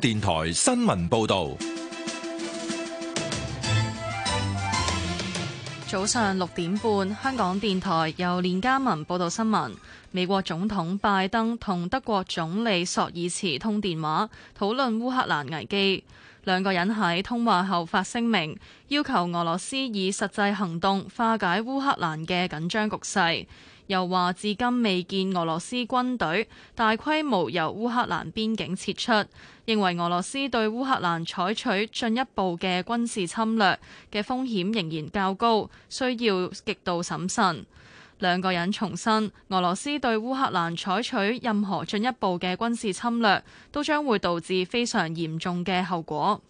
電台新聞報道：早上六點半，香港電台由連家文報道新聞。美國總統拜登同德國總理索爾茨通電話，討論烏克蘭危機。兩個人喺通話後發聲明，要求俄羅斯以實際行動化解烏克蘭嘅緊張局勢。又話至今未見俄羅斯軍隊大規模由烏克蘭邊境撤出，認為俄羅斯對烏克蘭採取進一步嘅軍事侵略嘅風險仍然較高，需要極度審慎。兩個人重申，俄羅斯對烏克蘭採取任何進一步嘅軍事侵略，都將會導致非常嚴重嘅後果。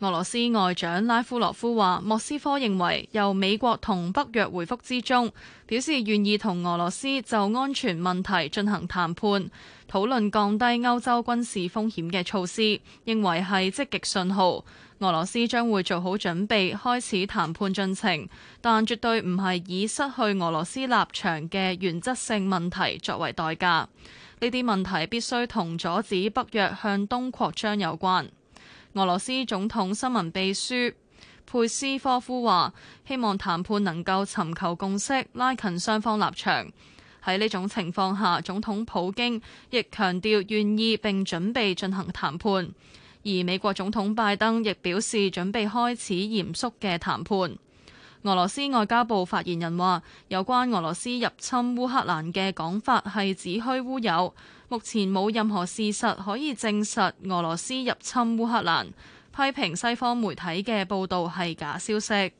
俄羅斯外長拉夫羅夫話，莫斯科認為由美國同北約回復之中，表示願意同俄羅斯就安全問題進行談判，討論降低歐洲軍事風險嘅措施，認為係積極信號。俄羅斯將會做好準備開始談判進程，但絕對唔係以失去俄羅斯立場嘅原則性問題作為代價。呢啲問題必須同阻止北約向東擴張有關。俄羅斯總統新聞秘書佩斯科夫話：希望談判能夠尋求共識，拉近雙方立場。喺呢種情況下，總統普京亦強調願意並準備進行談判。而美國總統拜登亦表示準備開始嚴肅嘅談判。俄羅斯外交部發言人話：有關俄羅斯入侵烏克蘭嘅講法係子虛烏有。目前冇任何事實可以證實俄羅斯入侵烏克蘭，批評西方媒體嘅報導係假消息。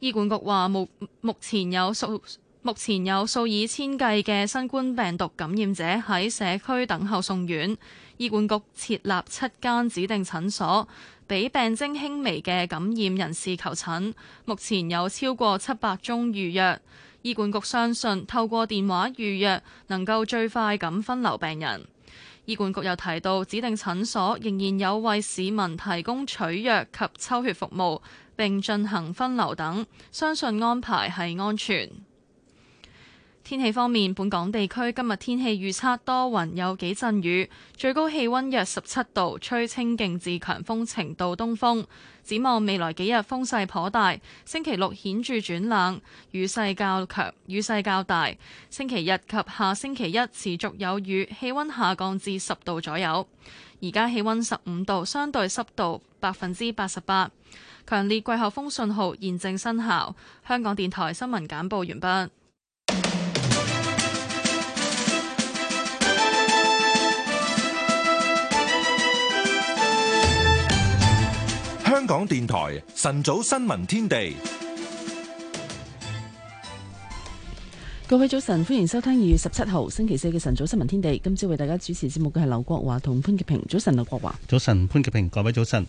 醫管局話，目目前有數目前有數以千計嘅新冠病毒感染者喺社區等候送院。醫管局設立七間指定診所，俾病徵輕微嘅感染人士求診。目前有超過七百宗預約。醫管局相信透過電話預約能夠最快咁分流病人。醫管局又提到，指定診所仍然有為市民提供取藥及抽血服務，並進行分流等，相信安排係安全。天氣方面，本港地區今日天氣預測多雲，有幾陣雨，最高氣溫約十七度，吹清勁至強風程度東風。展望未來幾日風勢頗大，星期六顯著轉冷，雨勢較強，雨勢較大。星期日及下星期一持續有雨，氣溫下降至十度左右。而家氣溫十五度，相對濕度百分之八十八，強烈季候風信號現正生效。香港電台新聞簡報完畢。香港電台晨早新聞天地，各位早晨，歡迎收聽二月十七號星期四嘅晨早新聞天地。今朝為大家主持節目嘅係劉國華同潘潔平。早晨，劉國華，早晨，潘潔平，各位早晨。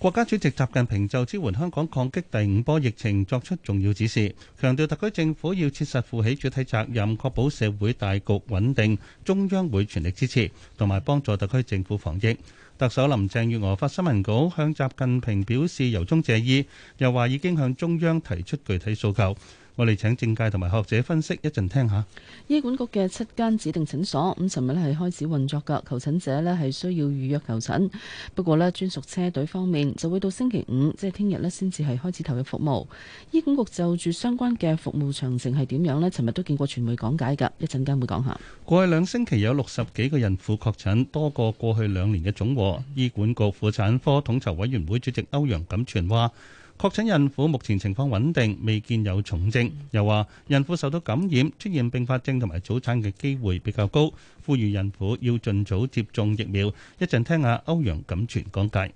國家主席習近平就支援香港抗擊第五波疫情作出重要指示，強調特區政府要切實負起主體責任，確保社會大局穩定。中央會全力支持，同埋幫助特區政府防疫。特首林鄭月娥發新聞稿，向習近平表示由衷謝意，又話已經向中央提出具體訴求。我哋請政界同埋學者分析一陣聽下。醫管局嘅七間指定診所咁，尋日呢係開始運作噶，求診者呢係需要預約求診。不過呢，專屬車隊方面就會到星期五，即係聽日呢，先至係開始投入服務。醫管局就住相關嘅服務詳情係點樣呢？尋日都見過傳媒講解噶，會會一陣間會講下。過去兩星期有六十幾個孕婦確診，多過過去兩年嘅總和。醫管局婦產科統籌委員會主席歐陽錦全話。確診孕婦目前情況穩定，未見有重症。又話孕婦受到感染，出現併發症同埋早產嘅機會比較高，呼籲孕婦要盡早接種疫苗。一陣聽下歐陽錦全講解。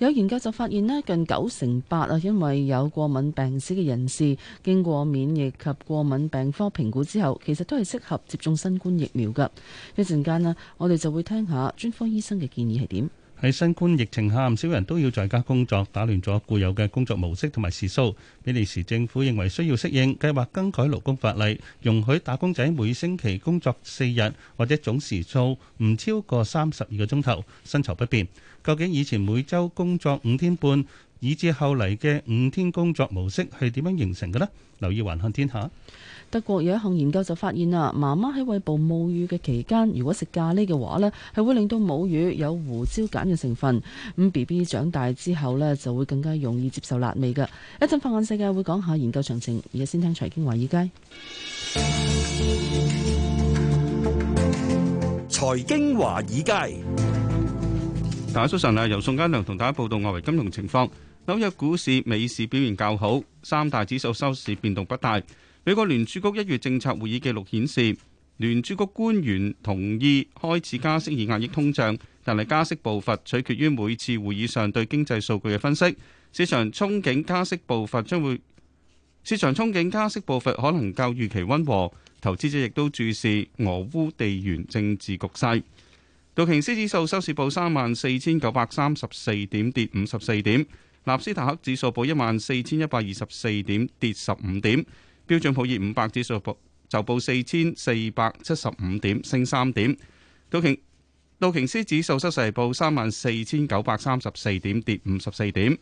有研究就發現咧，近九成八啊，因為有過敏病史嘅人士，經過免疫及過敏病科評估之後，其實都係適合接種新冠疫苗㗎。一陣間啊，我哋就會聽下專科醫生嘅建議係點。喺新冠疫情下，唔少人都要在家工作，打亂咗固有嘅工作模式同埋時數。比利時政府認為需要適應，計劃更改勞工法例，容許打工仔每星期工作四日或者總時數唔超過三十二個鐘頭，薪酬不變。究竟以前每周工作五天半，以至後嚟嘅五天工作模式係點樣形成嘅呢？留意環看天下。德國有一項研究就發現啦，媽媽喺喂哺母乳嘅期間，如果食咖喱嘅話咧，係會令到母乳有胡椒鹼嘅成分。咁 B B 長大之後呢就會更加容易接受辣味嘅。一陣放眼世界會講下研究詳情，而家先聽財經華爾街。財經華爾街，大家早晨啊！由宋嘉良同大家報道外圍金融情況。紐約股市，美市表現較好，三大指數收市變動不大。美國聯儲局一月政策會議記錄顯示，聯儲局官員同意開始加息以壓抑通脹，但係加息步伐取決於每次會議上對經濟數據嘅分析。市場憧憬加息步伐將會，市場憧憬加息步伐可能較預期溫和。投資者亦都注視俄烏地緣政治局勢。道瓊斯指數收市報三萬四千九百三十四點，跌五十四點。納斯達克指數報一萬四千一百二十四點，跌十五點。標準普爾五百指數報就報四千四百七十五點，升三點。道瓊道瓊斯指數失勢報三萬四千九百三十四點，跌五十四點。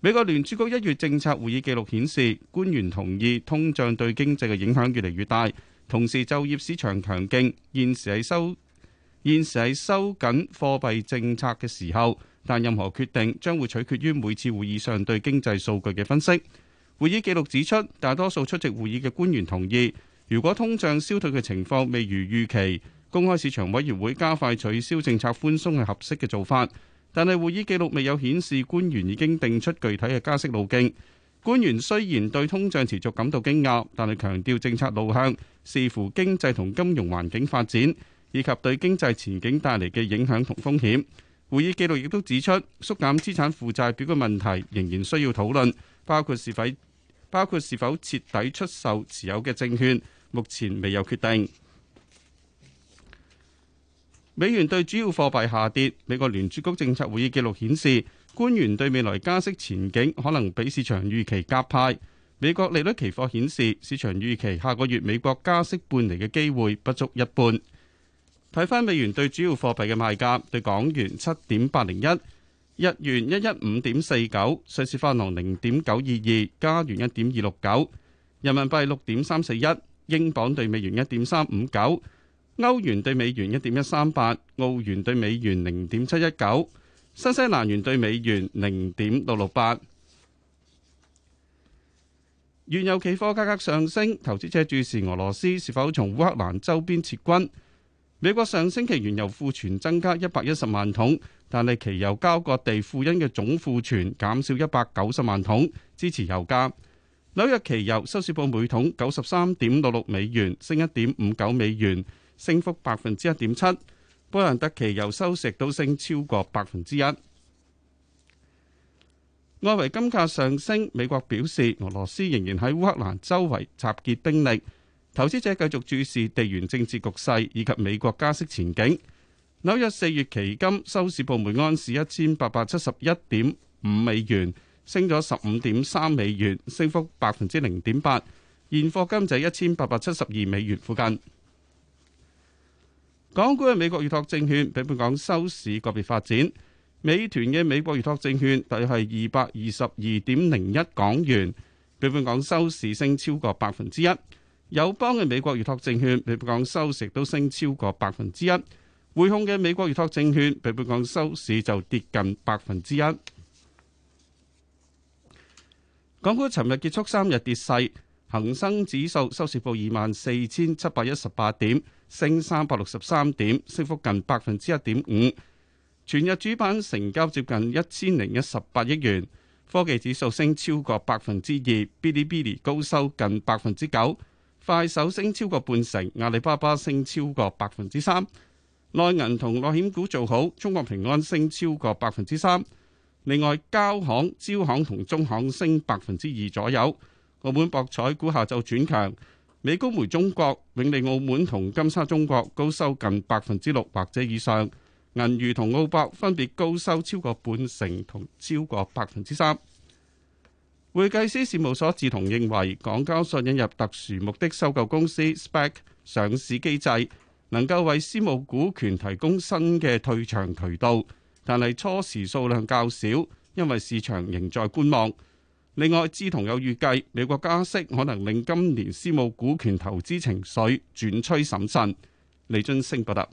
美國聯儲局一月政策會議記錄顯示，官員同意通脹對經濟嘅影響越嚟越大，同時就業市場強勁，現時係收現時係收緊貨幣政策嘅時候。但任何決定將會取決於每次會議上對經濟數據嘅分析。會議記錄指出，大多數出席會議嘅官員同意，如果通脹消退嘅情況未如預期，公開市場委員會加快取消政策寬鬆係合適嘅做法。但係會議記錄未有顯示官員已經定出具體嘅加息路徑。官員雖然對通脹持續感到驚訝，但係強調政策路向，視乎經濟同金融環境發展，以及對經濟前景帶嚟嘅影響同風險。會議記錄亦都指出，縮減資產負債表嘅問題仍然需要討論，包括是否包括是否徹底出售持有嘅證券，目前未有決定。美元對主要貨幣下跌。美國聯儲局政策會議記錄顯示，官員對未來加息前景可能比市場預期鴿派。美國利率期貨顯示，市場預期下個月美國加息半釐嘅機會不足一半。睇翻美元對主要貨幣嘅賣價，對港元七點八零一，日元一一五點四九，瑞士法郎零點九二二，加元一點二六九，人民幣六點三四一，英鎊對美元一點三五九，歐元對美元一點一三八，澳元對美元零點七一九，新西蘭元對美元零點六六八。原油期貨價格上升，投資者注視俄羅斯是否從烏克蘭周邊撤軍。美國上星期原油庫存增加一百一十萬桶，但係期油交割地庫欣嘅總庫存減少一百九十萬桶，支持油價。紐約期油收市報每桶九十三點六六美元，升一點五九美元，升幅百分之一點七。波蘭特期油收市都升超過百分之一。外圍金價上升，美國表示俄羅斯仍然喺烏克蘭周圍集結兵力。投資者繼續注視地緣政治局勢以及美國加息前景。紐約四月期金收市報每安士一千八百七十一點五美元，升咗十五點三美元，升幅百分之零點八。現貨金就一千八百七十二美元附近。港股嘅美國預託證券比本港收市個別發展，美團嘅美國預託證券大約係二百二十二點零一港元，比本港收市升超過百分之一。友邦嘅美國預託證券，美股講收市都升超過百分之一；匯控嘅美國預託證券，美股講收市就跌近百分之一。港股尋日結束三日跌勢，恒生指數收市報二萬四千七百一十八點，升三百六十三點，升幅近百分之一點五。全日主板成交接近一千零一十八億元，科技指數升超過百分之二，嗶哩嗶哩高收近百分之九。快手升超過半成，阿里巴巴升超過百分之三，內銀同內險股做好，中國平安升超過百分之三。另外，交行、招行同中行升百分之二左右。澳門博彩股下晝轉強，美高梅中國、永利澳門同金沙中國高收近百分之六或者以上，銀娛同澳博分別高收超過半成同超過百分之三。會計師事務所志同認為，港交所引入特殊目的收購公司 SPAC 上市機制，能夠為私募股權提供新嘅退場渠道，但係初時數量較少，因為市場仍在觀望。另外，志同又預計，美國加息可能令今年私募股權投資情緒轉趨審慎。李津升報道。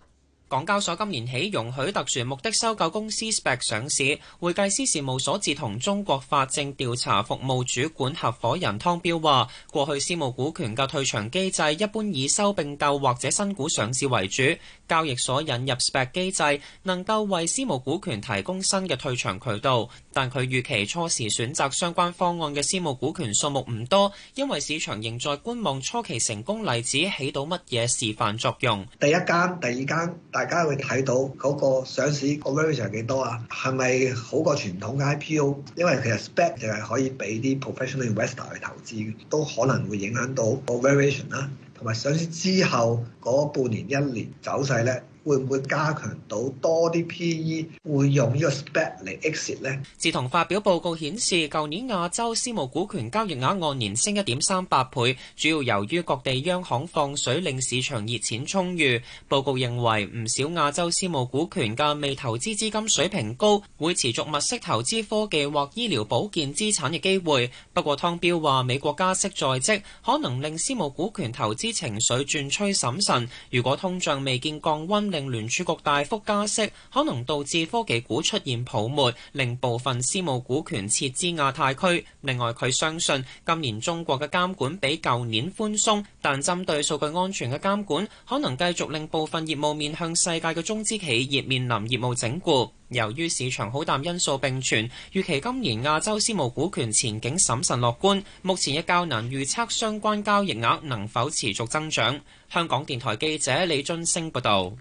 港交所今年起容許特殊目的收購公司 SPAC 上市，會計師事務所自同中國法證調查服務主管合伙人湯彪話：過去私募股權嘅退場機制一般以收並購或者新股上市為主，交易所引入 SPAC 機制，能夠為私募股權提供新嘅退場渠道。但佢預期初時選擇相關方案嘅私募股權數目唔多，因為市場仍在觀望初期成功例子起到乜嘢示範作用。第一間、第二間，大家會睇到嗰個上市個 valuation 幾多啊？係咪好過傳統嘅 IPO？因為其實 SPEC 就係可以俾啲 professional investor 去投資，都可能會影響到個 valuation 啦。同埋上市之後嗰半年一年走勢咧。會唔會加強到多啲 PE 會用個呢個 SPAC 嚟 exit 呢？自同發表報告顯示，舊年亞洲私募股權交易額按年升一點三八倍，主要由於各地央行放水令市場熱錢充裕。報告認為，唔少亞洲私募股權嘅未投資資金水平高，會持續物色投資科技或醫療保健資產嘅機會。不過湯、湯彪話美國加息在即，可能令私募股權投資情緒轉趨審慎。如果通脹未見降溫，令聯儲局大幅加息，可能導致科技股出現泡沫，令部分私募股權撤資亞太區。另外，佢相信今年中國嘅監管比舊年寬鬆，但針對數據安全嘅監管可能繼續令部分業務面向世界嘅中資企業面臨業務整固。由於市場好淡因素并存，預期今年亞洲私募股權前景審慎樂觀。目前亦較難預測相關交易額能否持續增長。香港電台記者李津升報道。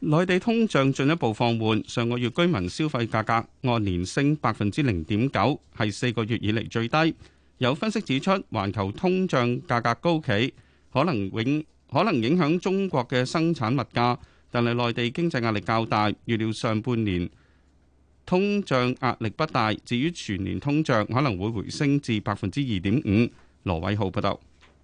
內地通脹進一步放緩，上個月居民消費價格按年升百分之零點九，係四個月以嚟最低。有分析指出，環球通脹價格高企，可能永可能影響中國嘅生產物價，但係內地經濟壓力較大，預料上半年通脹壓力不大。至於全年通脹可能會回升至百分之二點五。羅偉浩報道。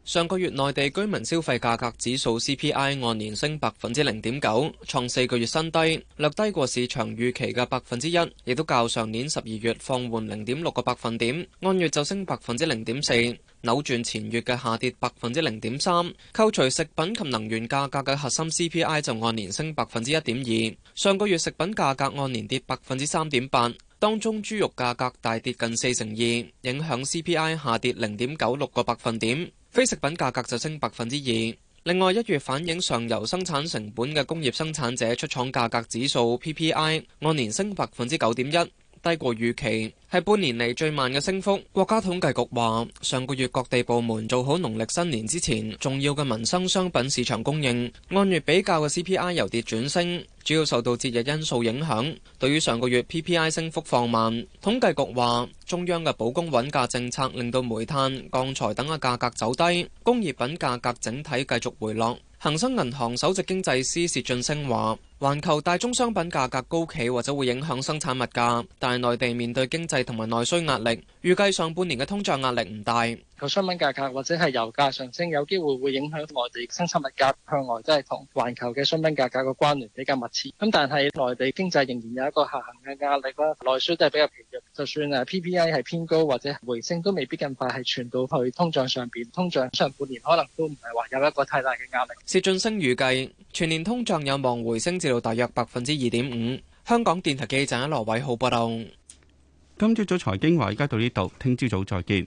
上個月內地居民消費價格指數 CPI 按年升百分之零點九，創四個月新低，略低過市場預期嘅百分之一，亦都較上年十二月放緩零點六個百分點，按月就升百分之零點四，扭轉前月嘅下跌百分之零點三。扣除食品及能源價格嘅核心 CPI 就按年升百分之一點二。上個月食品價格按年跌百分之三點八，當中豬肉價格大跌近四成二，影響 CPI 下跌零點九六個百分點。非食品價格就升百分之二。另外，一月反映上游生產成本嘅工業生產者出廠價格指數 PPI 按年升百分之九點一，低過預期，係半年嚟最慢嘅升幅。國家統計局話，上個月各地部門做好農曆新年之前重要嘅民生商品市場供應，按月比較嘅 CPI 由跌轉升。主要受到節日因素影響，對於上個月 PPI 升幅放慢，統計局話中央嘅保供穩價政策令到煤炭、鋼材等嘅價格走低，工業品價格整體繼續回落。恒生銀行首席經濟師薛俊升話，環球大宗商品價格高企或者會影響生產物價，但係內地面對經濟同埋內需壓力，預計上半年嘅通脹壓力唔大。商品價格或者係油價上升，有機會會影響內地生產物價，向來，都係同環球嘅商品價格個關聯比較密切。咁但係內地經濟仍然有一個下行嘅壓力啦，內需都係比較疲弱。就算啊 PPI 係偏高或者回升，都未必咁快係傳到去通脹上邊。通脹上半年可能都唔係話有一個太大嘅壓力。薛俊星預計全年通脹有望回升至到大約百分之二點五。香港電台記者羅偉浩報道。今朝早財經話，而家到呢度，聽朝早再見。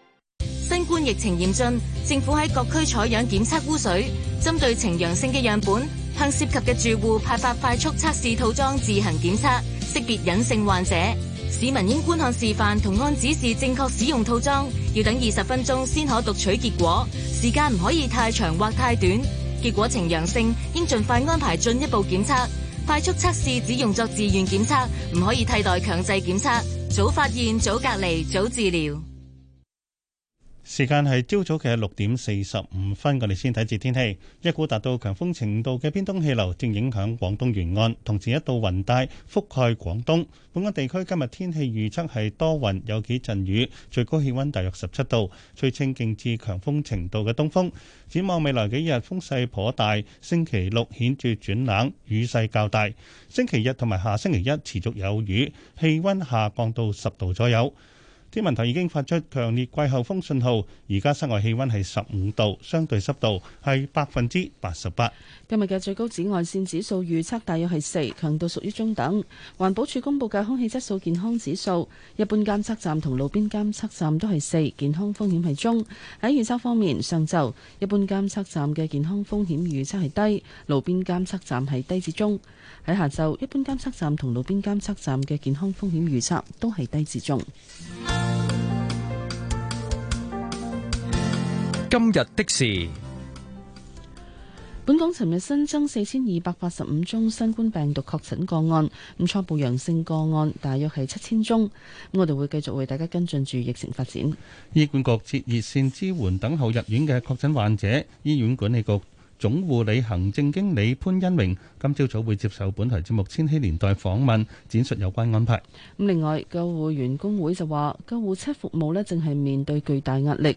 新冠疫情嚴峻，政府喺各區採樣檢測污水，針對呈陽性嘅樣本，向涉及嘅住戶派發快速測試套裝自行檢測，識別隱性患者。市民應觀看示範同按指示正確使用套裝，要等二十分鐘先可讀取結果，時間唔可以太長或太短。結果呈陽性，應盡快安排進一步檢測。快速測試只用作自願檢測，唔可以替代強制檢測。早發現，早隔離，早治療。時間係朝早嘅六點四十五分，我哋先睇次天氣。一股達到強風程度嘅偏東氣流正影響廣東沿岸，同時一道雲帶覆蓋廣東。本港地區今日天氣預測係多雲，有幾陣雨，最高氣温大約十七度，吹清勁至強風程度嘅東風。展望未來幾日風勢頗大，星期六顯著轉冷，雨勢較大。星期日同埋下星期一持續有雨，氣温下降到十度左右。天文台已經發出強烈季候風信號，而家室外氣溫係十五度，相對濕度係百分之八十八。今日嘅最高紫外線指數預測大約係四，強度屬於中等。環保署公布嘅空氣質素健康指數，一般監測站同路邊監測站都係四，健康風險係中。喺預測方面，上晝一般監測站嘅健康風險預測係低，路邊監測站係低至中。喺下晝，一般監測站同路邊監測站嘅健康風險預測都係低至中。今日的事，本港尋日新增四千二百八十五宗新冠病毒確診個案，咁初步陽性個案大約係七千宗。咁我哋會繼續為大家跟進住疫情發展。醫管局設熱線支援等候入院嘅確診患者。醫院管理局。總護理行政經理潘恩榮今朝早會接受本台節目《千禧年代》訪問，展述有關安排。咁另外，救護員工會就話，救護車服務呢正係面對巨大壓力。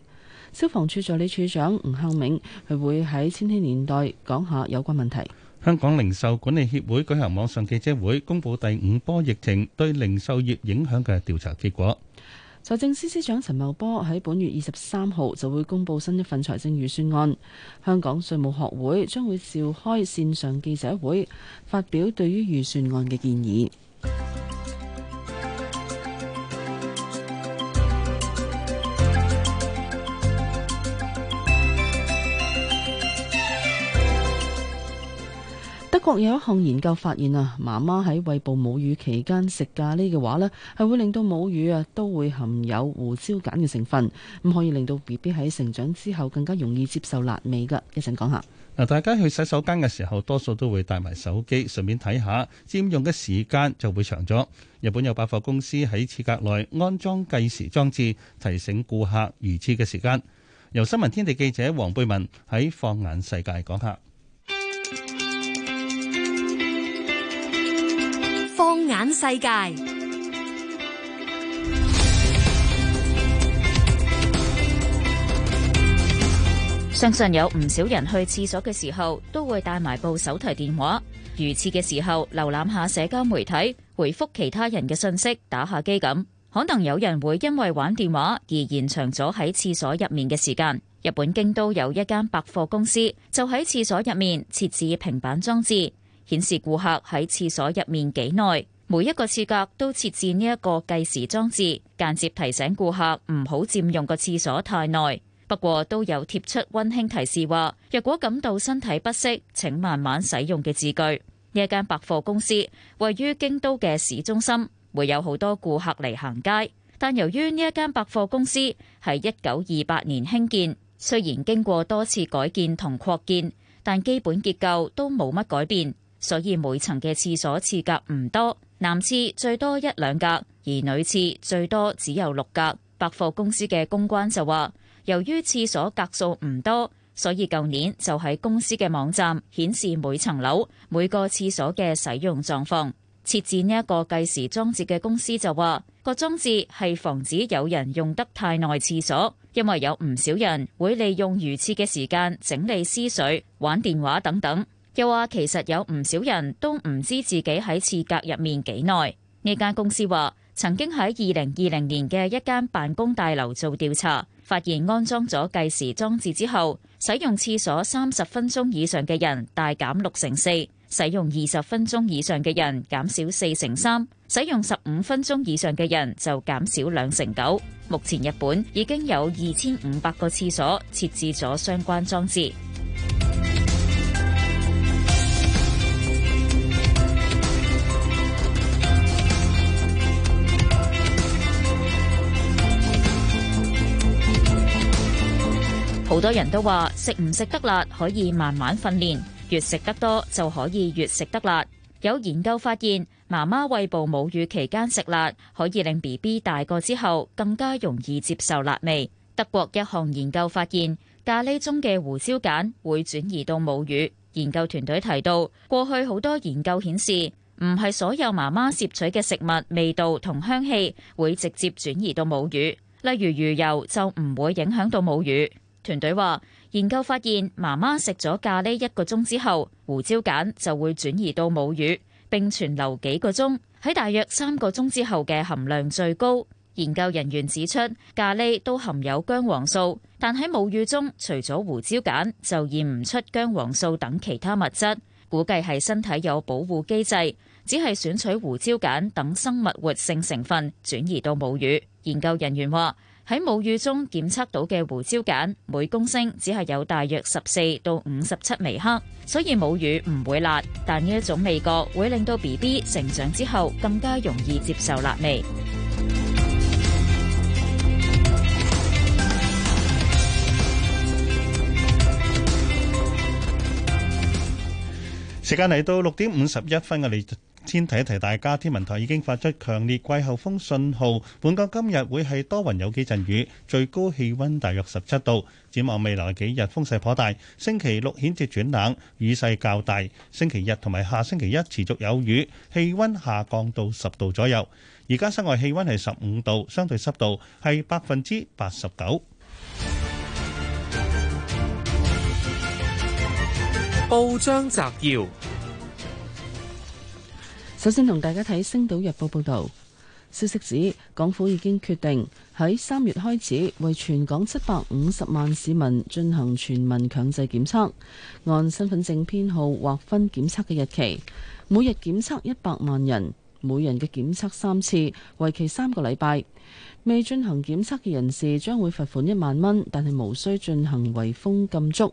消防處助理處長吳慶明，佢會喺《千禧年代》講下有關問題。香港零售管理協會舉行網上記者會，公布第五波疫情對零售業影響嘅調查結果。財政司司長陳茂波喺本月二十三號就會公布新一份財政預算案，香港稅務學會將會召開線上記者會，發表對於預算案嘅建議。國有一項研究發現啊，媽媽喺餵哺母乳期間食咖喱嘅話呢係會令到母乳啊都會含有胡椒鹼嘅成分，咁可以令到 BB 喺成長之後更加容易接受辣味噶。一陣講下。嗱，大家去洗手間嘅時候，多數都會帶埋手機，順便睇下，佔用嘅時間就會長咗。日本有百貨公司喺廁格內安裝計時裝置，提醒顧客如廁嘅時間。由新聞天地記者黃貝文喺放眼世界講下。眼世界，相信有唔少人去廁所嘅時候都會帶埋部手提電話。如廁嘅時候瀏覽下社交媒體，回覆其他人嘅信息，打下機咁。可能有人會因為玩電話而延長咗喺廁所入面嘅時間。日本京都有一間百貨公司就喺廁所入面設置平板裝置，顯示顧客喺廁所入面幾耐。每一個廁格都設置呢一個計時裝置，間接提醒顧客唔好佔用個廁所太耐。不過都有貼出溫馨提示，話若果感到身體不適，請慢慢使用嘅字句。呢間百貨公司位於京都嘅市中心，會有好多顧客嚟行街。但由於呢一間百貨公司喺一九二八年興建，雖然經過多次改建同擴建，但基本結構都冇乜改變，所以每層嘅廁所廁格唔多。男廁最多一兩格，而女廁最多只有六格。百貨公司嘅公關就話，由於廁所格數唔多，所以舊年就喺公司嘅網站顯示每層樓每個廁所嘅使用狀況。設置呢一個計時裝置嘅公司就話，個裝置係防止有人用得太耐廁所，因為有唔少人會利用如廁嘅時間整理思緒、玩電話等等。又話其實有唔少人都唔知自己喺廁格入面幾耐。呢間公司話曾經喺二零二零年嘅一間辦公大樓做調查，發現安裝咗計時裝置之後，使用廁所三十分鐘以上嘅人大減六成四，使用二十分鐘以上嘅人減少四成三，使用十五分鐘以上嘅人就減少兩成九。目前日本已經有二千五百個廁所設置咗相關裝置。好多人都話食唔食得辣可以慢慢訓練，越食得多就可以越食得辣。有研究發現，媽媽餵哺母乳期間食辣可以令 BB 大個之後更加容易接受辣味。德國一項研究發現，咖喱中嘅胡椒鹼會轉移到母乳。研究團隊提到，過去好多研究顯示，唔係所有媽媽攝取嘅食物味道同香氣會直接轉移到母乳，例如魚油就唔會影響到母乳。團隊話，研究發現媽媽食咗咖喱一個鐘之後，胡椒鹼就會轉移到母乳，並存留幾個鐘。喺大約三個鐘之後嘅含量最高。研究人員指出，咖喱都含有薑黃素，但喺母乳中除咗胡椒鹼，就驗唔出薑黃素等其他物質。估計係身體有保護機制，只係選取胡椒鹼等生物活性成分轉移到母乳。研究人員話。喺母乳中檢測到嘅胡椒鹼每公升只係有大約十四到五十七微克，所以母乳唔會辣，但呢一種味覺會令到 BB 成長之後更加容易接受辣味。時間嚟到六點五十一分嘅你。先提一提大家，天文台已經發出強烈季候風信號。本港今日會係多雲有幾陣雨，最高氣温大約十七度。展望未來幾日風勢頗大，星期六顯著轉冷，雨勢較大。星期日同埋下星期一持續有雨，氣温下降到十度左右。而家室外氣温係十五度，相對濕度係百分之八十九。報章摘要。首先同大家睇《星島日報》報道，消息指港府已經決定喺三月開始為全港七百五十萬市民進行全民強制檢測，按身份證編號劃分檢測嘅日期，每日檢測一百萬人，每人嘅檢測三次，為期三個禮拜。未進行檢測嘅人士將會罰款一萬蚊，但係無需進行圍封禁足。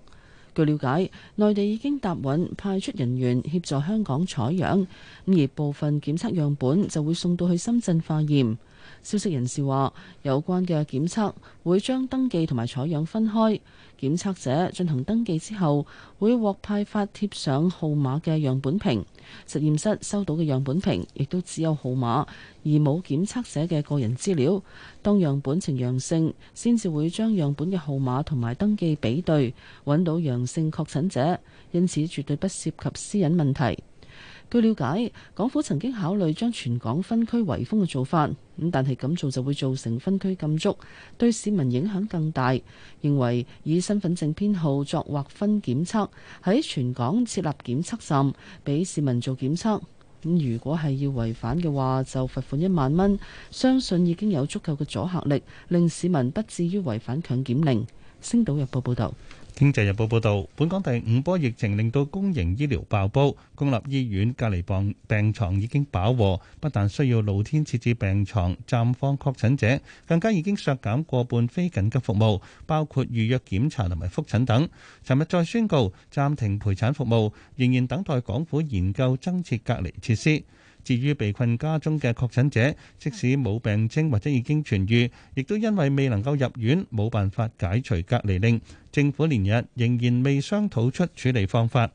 據了解，內地已經答允派出人員協助香港採樣，而部分檢測樣本就會送到去深圳化驗。消息人士話，有關嘅檢測會將登記同埋採樣分開。檢測者進行登記之後，會獲派發貼上號碼嘅樣本瓶。實驗室收到嘅樣本瓶亦都只有號碼，而冇檢測者嘅個人資料。當樣本呈陽性，先至會將樣本嘅號碼同埋登記比對，揾到陽性確診者，因此絕對不涉及私隱問題。據了解，港府曾經考慮將全港分區圍封嘅做法，咁但係咁做就會造成分區禁足，對市民影響更大。認為以身份證編號作劃分檢測，喺全港設立檢測站，俾市民做檢測。咁如果係要違反嘅話，就罰款一萬蚊。相信已經有足夠嘅阻嚇力，令市民不至於違反強檢令。星島日報報導。經濟日報報道，本港第五波疫情令到公營醫療爆煲，公立醫院隔離病房病床已經飽和，不但需要露天設置病床暫放確診者，更加已經削減過半非緊急服務，包括預約檢查同埋複診等。尋日再宣告暫停陪產服務，仍然等待港府研究增設隔離設施。至於被困家中嘅確診者，即使冇病徵或者已經痊癒，亦都因為未能夠入院，冇辦法解除隔離令。政府連日仍然未商討出處理方法。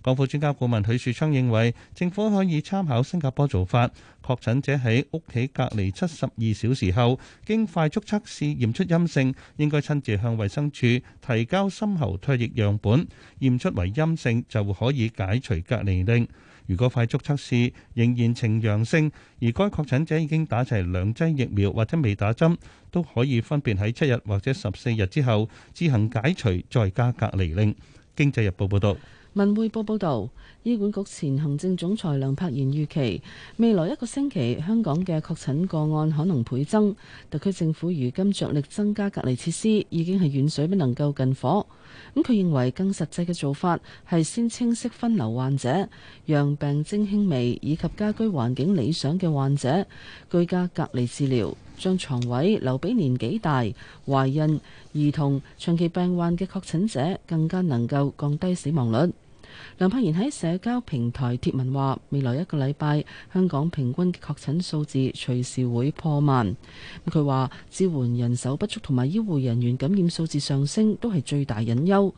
港府專家顧問許樹昌認為，政府可以參考新加坡做法，確診者喺屋企隔離七十二小時後，經快速測試驗出陰性，應該親自向衛生署提交深喉唾液樣本，驗出為陰性就會可以解除隔離令。如果快速測試仍然呈陽性，而該確診者已經打齊兩劑疫苗或者未打針，都可以分別喺七日或者十四日之後自行解除在家隔離令。經濟日報報導。文匯報報道，醫管局前行政總裁梁柏賢預期，未來一個星期香港嘅確診個案可能倍增。特區政府如今着力增加隔離設施，已經係遠水不能夠近火。咁佢認為更實際嘅做法係先清晰分流患者，讓病徵輕微以及家居環境理想嘅患者居家隔離治療。將床位留俾年紀大、懷孕、兒童、長期病患嘅確診者，更加能夠降低死亡率。梁柏賢喺社交平台貼文話，未來一個禮拜，香港平均確診數字隨時會破萬。佢話支援人手不足同埋醫護人員感染數字上升都係最大隱憂。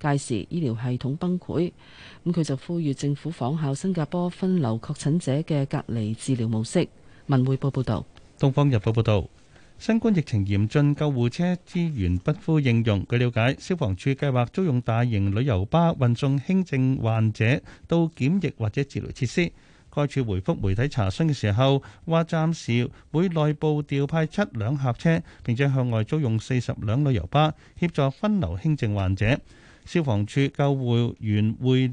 屆時醫療系統崩潰，佢就呼籲政府仿效新加坡分流確診者嘅隔離治療模式。文匯報報道。《東方日報》報導，新冠疫情嚴峻，救護車資源不敷應用。據瞭解，消防處計劃租用大型旅遊巴運送輕症患者到檢疫或者治療設施。該處回覆媒體查詢嘅時候，話暫時會內部調派七輛客車，並且向外租用四十輛旅遊巴協助分流輕症患者。消防處救護員會。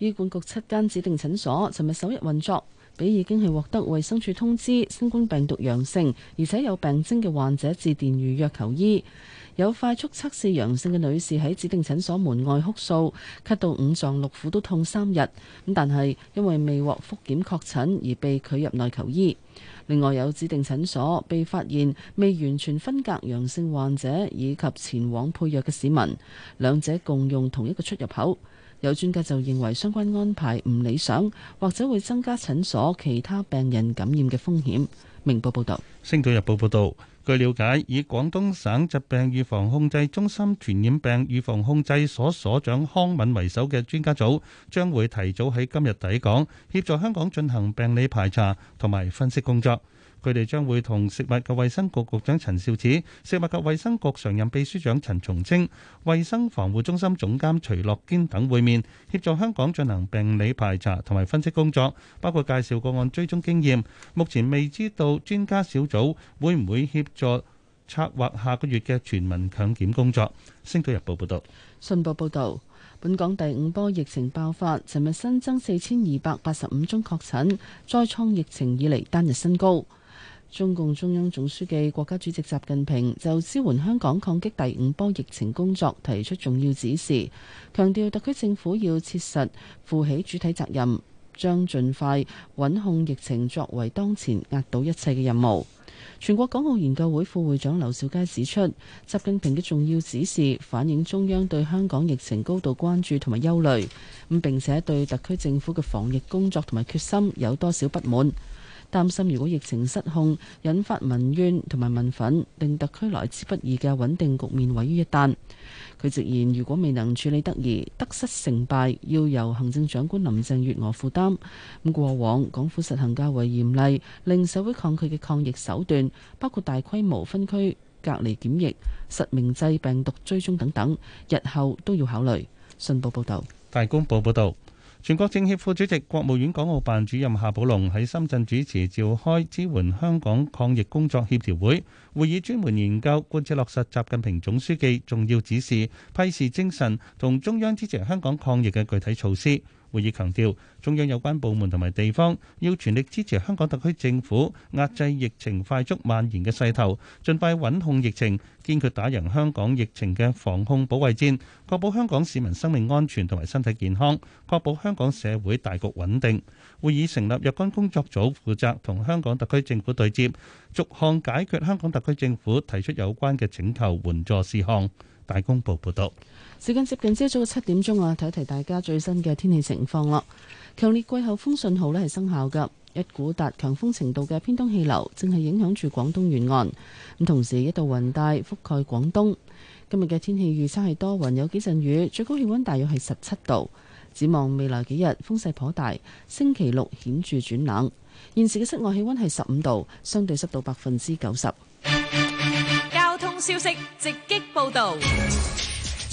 醫管局七間指定診所尋日首日運作，俾已經係獲得衛生署通知新冠病毒陽性，而且有病徵嘅患者，致電預約求醫。有快速測試陽性嘅女士喺指定診所門外哭訴，咳到五臟六腑都痛三日，咁但係因為未獲複檢確診而被拒入內求醫。另外有指定診所被發現未完全分隔陽性患者以及前往配藥嘅市民，兩者共用同一個出入口。有專家就認為相關安排唔理想，或者會增加診所其他病人感染嘅風險。明報報導，星島日報報導，據了解，以廣東省疾病預防控制中心傳染病預防控制所所長康敏為首嘅專家組，將會提早喺今日抵港，協助香港進行病理排查同埋分析工作。佢哋將會同食物及衛生局局長陳肇始、食物及衛生局常任秘書長陳松青、衛生防護中心總監徐樂堅等會面，協助香港進行病理排查同埋分析工作，包括介紹個案追蹤經驗。目前未知道專家小組會唔會協助策劃下個月嘅全民強檢工作。星島日報報道。信報報道，本港第五波疫情爆發，尋日新增四千二百八十五宗確診，再創疫情以嚟單日新高。中共中央總書記、國家主席習近平就支援香港抗擊第五波疫情工作提出重要指示，強調特區政府要切實負起主體責任，將盡快穩控疫情作為當前壓倒一切嘅任務。全國港澳研究會副會長劉兆佳指出，習近平嘅重要指示反映中央對香港疫情高度關注同埋憂慮，咁並且對特區政府嘅防疫工作同埋決心有多少不滿。擔心如果疫情失控，引發民怨同埋民憤，令特區來之不易嘅穩定局面毀於一旦。佢直言，如果未能處理得宜，得失成敗要由行政長官林鄭月娥負擔。咁過往港府實行較為嚴厲，令社會抗拒嘅抗疫手段，包括大規模分區隔離檢疫、實名制病毒追蹤等等，日後都要考慮。信報報道。大公報報道。全國政協副主席、國務院港澳辦主任夏寶龍喺深圳主持召開支援香港抗疫工作協調會，會議專門研究貫徹落實習近平總書記重要指示、批示精神同中央支持香港抗疫嘅具體措施。會議強調，中央有關部門同埋地方要全力支持香港特區政府壓制疫情快速蔓延嘅勢頭，盡快穩控疫情，堅決打贏香港疫情嘅防控保衛戰，確保香港市民生命安全同埋身體健康，確保香港社會大局穩定。會議成立若干工作組，負責同香港特區政府對接，逐項解決香港特區政府提出有關嘅請求援助事項。大公報報道。時間接近朝早嘅七點鐘啊，提一提大家最新嘅天氣情況啦。強烈季候風信號呢係生效嘅，一股達強風程度嘅偏東氣流正係影響住廣東沿岸。咁同時一道雲帶覆蓋廣東。今日嘅天氣預測係多雲，雲有幾陣雨，最高氣温大約係十七度。展望未來幾日風勢頗大，星期六顯著轉冷。現時嘅室外氣温係十五度，相對濕度百分之九十。交通消息直擊報導。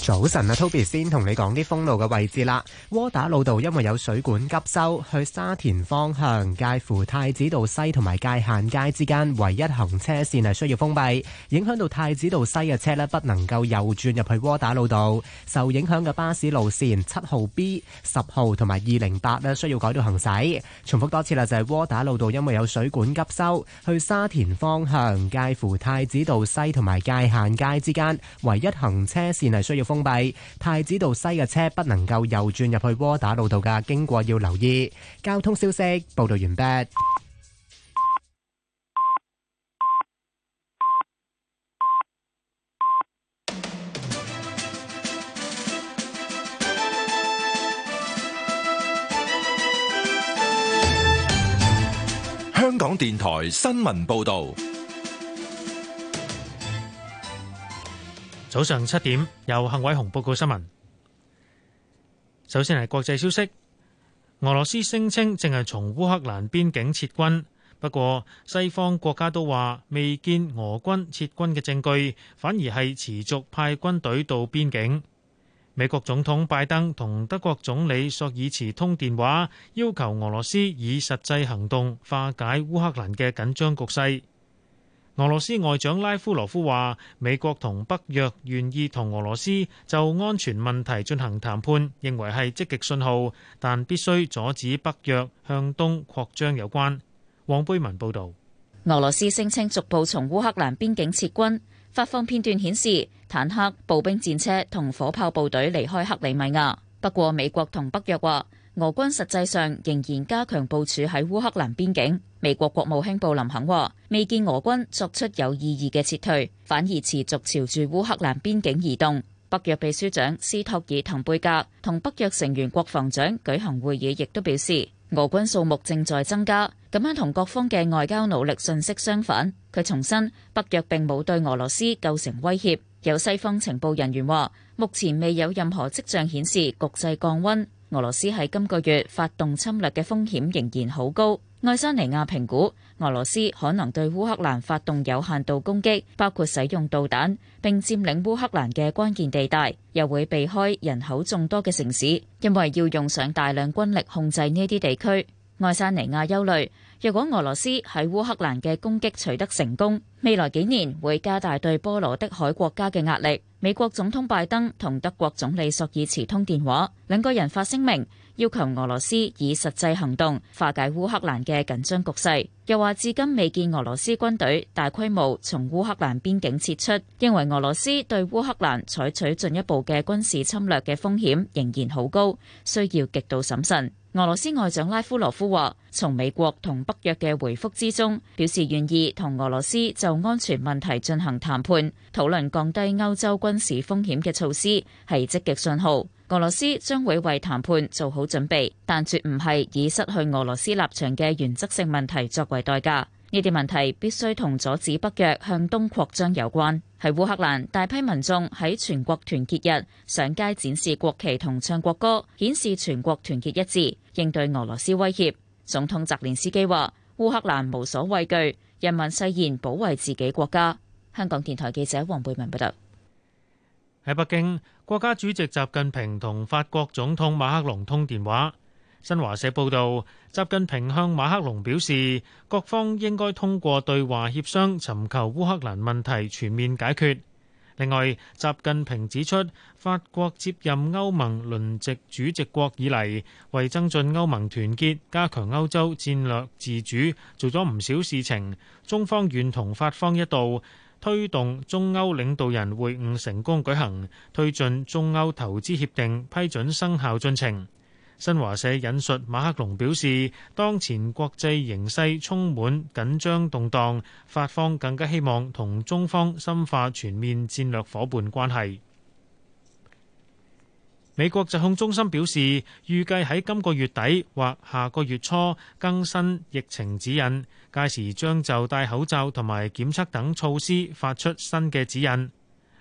早晨啊，Toby 先同你講啲封路嘅位置啦。窩打老道因為有水管急修，去沙田方向介乎太子道西同埋界限街之間唯一行車線係需要封閉，影響到太子道西嘅車咧不能夠右轉入去窩打老道。受影響嘅巴士路線七號 B、十號同埋二零八咧需要改道行駛。重複多次啦，就係窩打老道因為有水管急修，去沙田方向介乎太子道西同埋界限街之間唯一行車線係需要封。封閉，太子道西嘅車不能夠右轉入去窩打老道㗎，經過要留意。交通消息報道完畢。香港電台新聞報道。早上七點，由幸偉雄報告新聞。首先係國際消息，俄羅斯聲稱正係從烏克蘭邊境撤軍，不過西方國家都話未見俄軍撤軍嘅證據，反而係持續派軍隊到邊境。美國總統拜登同德國總理索爾茨通電話，要求俄羅斯以實際行動化解烏克蘭嘅緊張局勢。俄羅斯外長拉夫羅夫話，美國同北約願意同俄羅斯就安全問題進行談判，認為係積極信號，但必須阻止北約向東擴張。有關黃貝文報道，俄羅斯聲稱逐步從烏克蘭邊境撤軍，發放片段顯示坦克、步兵戰車同火炮部隊離開克里米亞。不過，美國同北約話。俄軍實際上仍然加強部署喺烏克蘭邊境。美國國務卿布林肯話，未見俄軍作出有意義嘅撤退，反而持續朝住烏克蘭邊境移動。北約秘書長斯托爾滕貝格同北約成員國防長舉行會議，亦都表示，俄軍數目正在增加，咁樣同各方嘅外交努力信息相反。佢重申，北約並冇對俄羅斯構成威脅。有西方情報人員話，目前未有任何跡象顯示局勢降溫。俄羅斯喺今個月發動侵略嘅風險仍然好高。愛沙尼亞評估，俄羅斯可能對烏克蘭發動有限度攻擊，包括使用導彈，並佔領烏克蘭嘅關鍵地帶，又會避開人口眾多嘅城市，因為要用上大量軍力控制呢啲地區。愛沙尼亞憂慮。若果俄羅斯喺烏克蘭嘅攻擊取得成功，未來幾年會加大對波羅的海國家嘅壓力。美國總統拜登同德國總理索爾茨通電話，兩個人發聲明要求俄羅斯以實際行動化解烏克蘭嘅緊張局勢。又話至今未見俄羅斯軍隊大規模從烏克蘭邊境撤出，認為俄羅斯對烏克蘭採取進一步嘅軍事侵略嘅風險仍然好高，需要極度審慎。俄羅斯外長拉夫羅夫話，從美國同北約嘅回復之中，表示願意同俄羅斯就安全問題進行談判，討論降低歐洲軍事風險嘅措施，係積極信號。俄羅斯將會為談判做好準備，但絕唔係以失去俄羅斯立場嘅原則性問題作為代價。呢啲問題必須同阻止北約向東擴張有關。喺烏克蘭大批民眾喺全國團結日上街展示國旗同唱國歌，顯示全國團結一致，應對俄羅斯威脅。總統澤連斯基話：烏克蘭無所畏懼，人民誓言保衛自己國家。香港電台記者黃貝文報道。喺北京，國家主席習近平同法國總統馬克龍通電話。新華社報道，習近平向馬克龍表示，各方應該通過對話協商，尋求烏克蘭問題全面解決，另外，習近平指出，法國接任歐盟輪值主席國以嚟，為增進歐盟團結，加強歐洲戰略自主，做咗唔少事情。中方願同法方一道，推動中歐領導人會晤成功舉行，推進中歐投資協定批准生效進程。新華社引述馬克龍表示，當前國際形勢充滿緊張動蕩，法方更加希望同中方深化全面戰略夥伴關係。美國疾控中心表示，預計喺今個月底或下個月初更新疫情指引，屆時將就戴口罩同埋檢測等措施發出新嘅指引。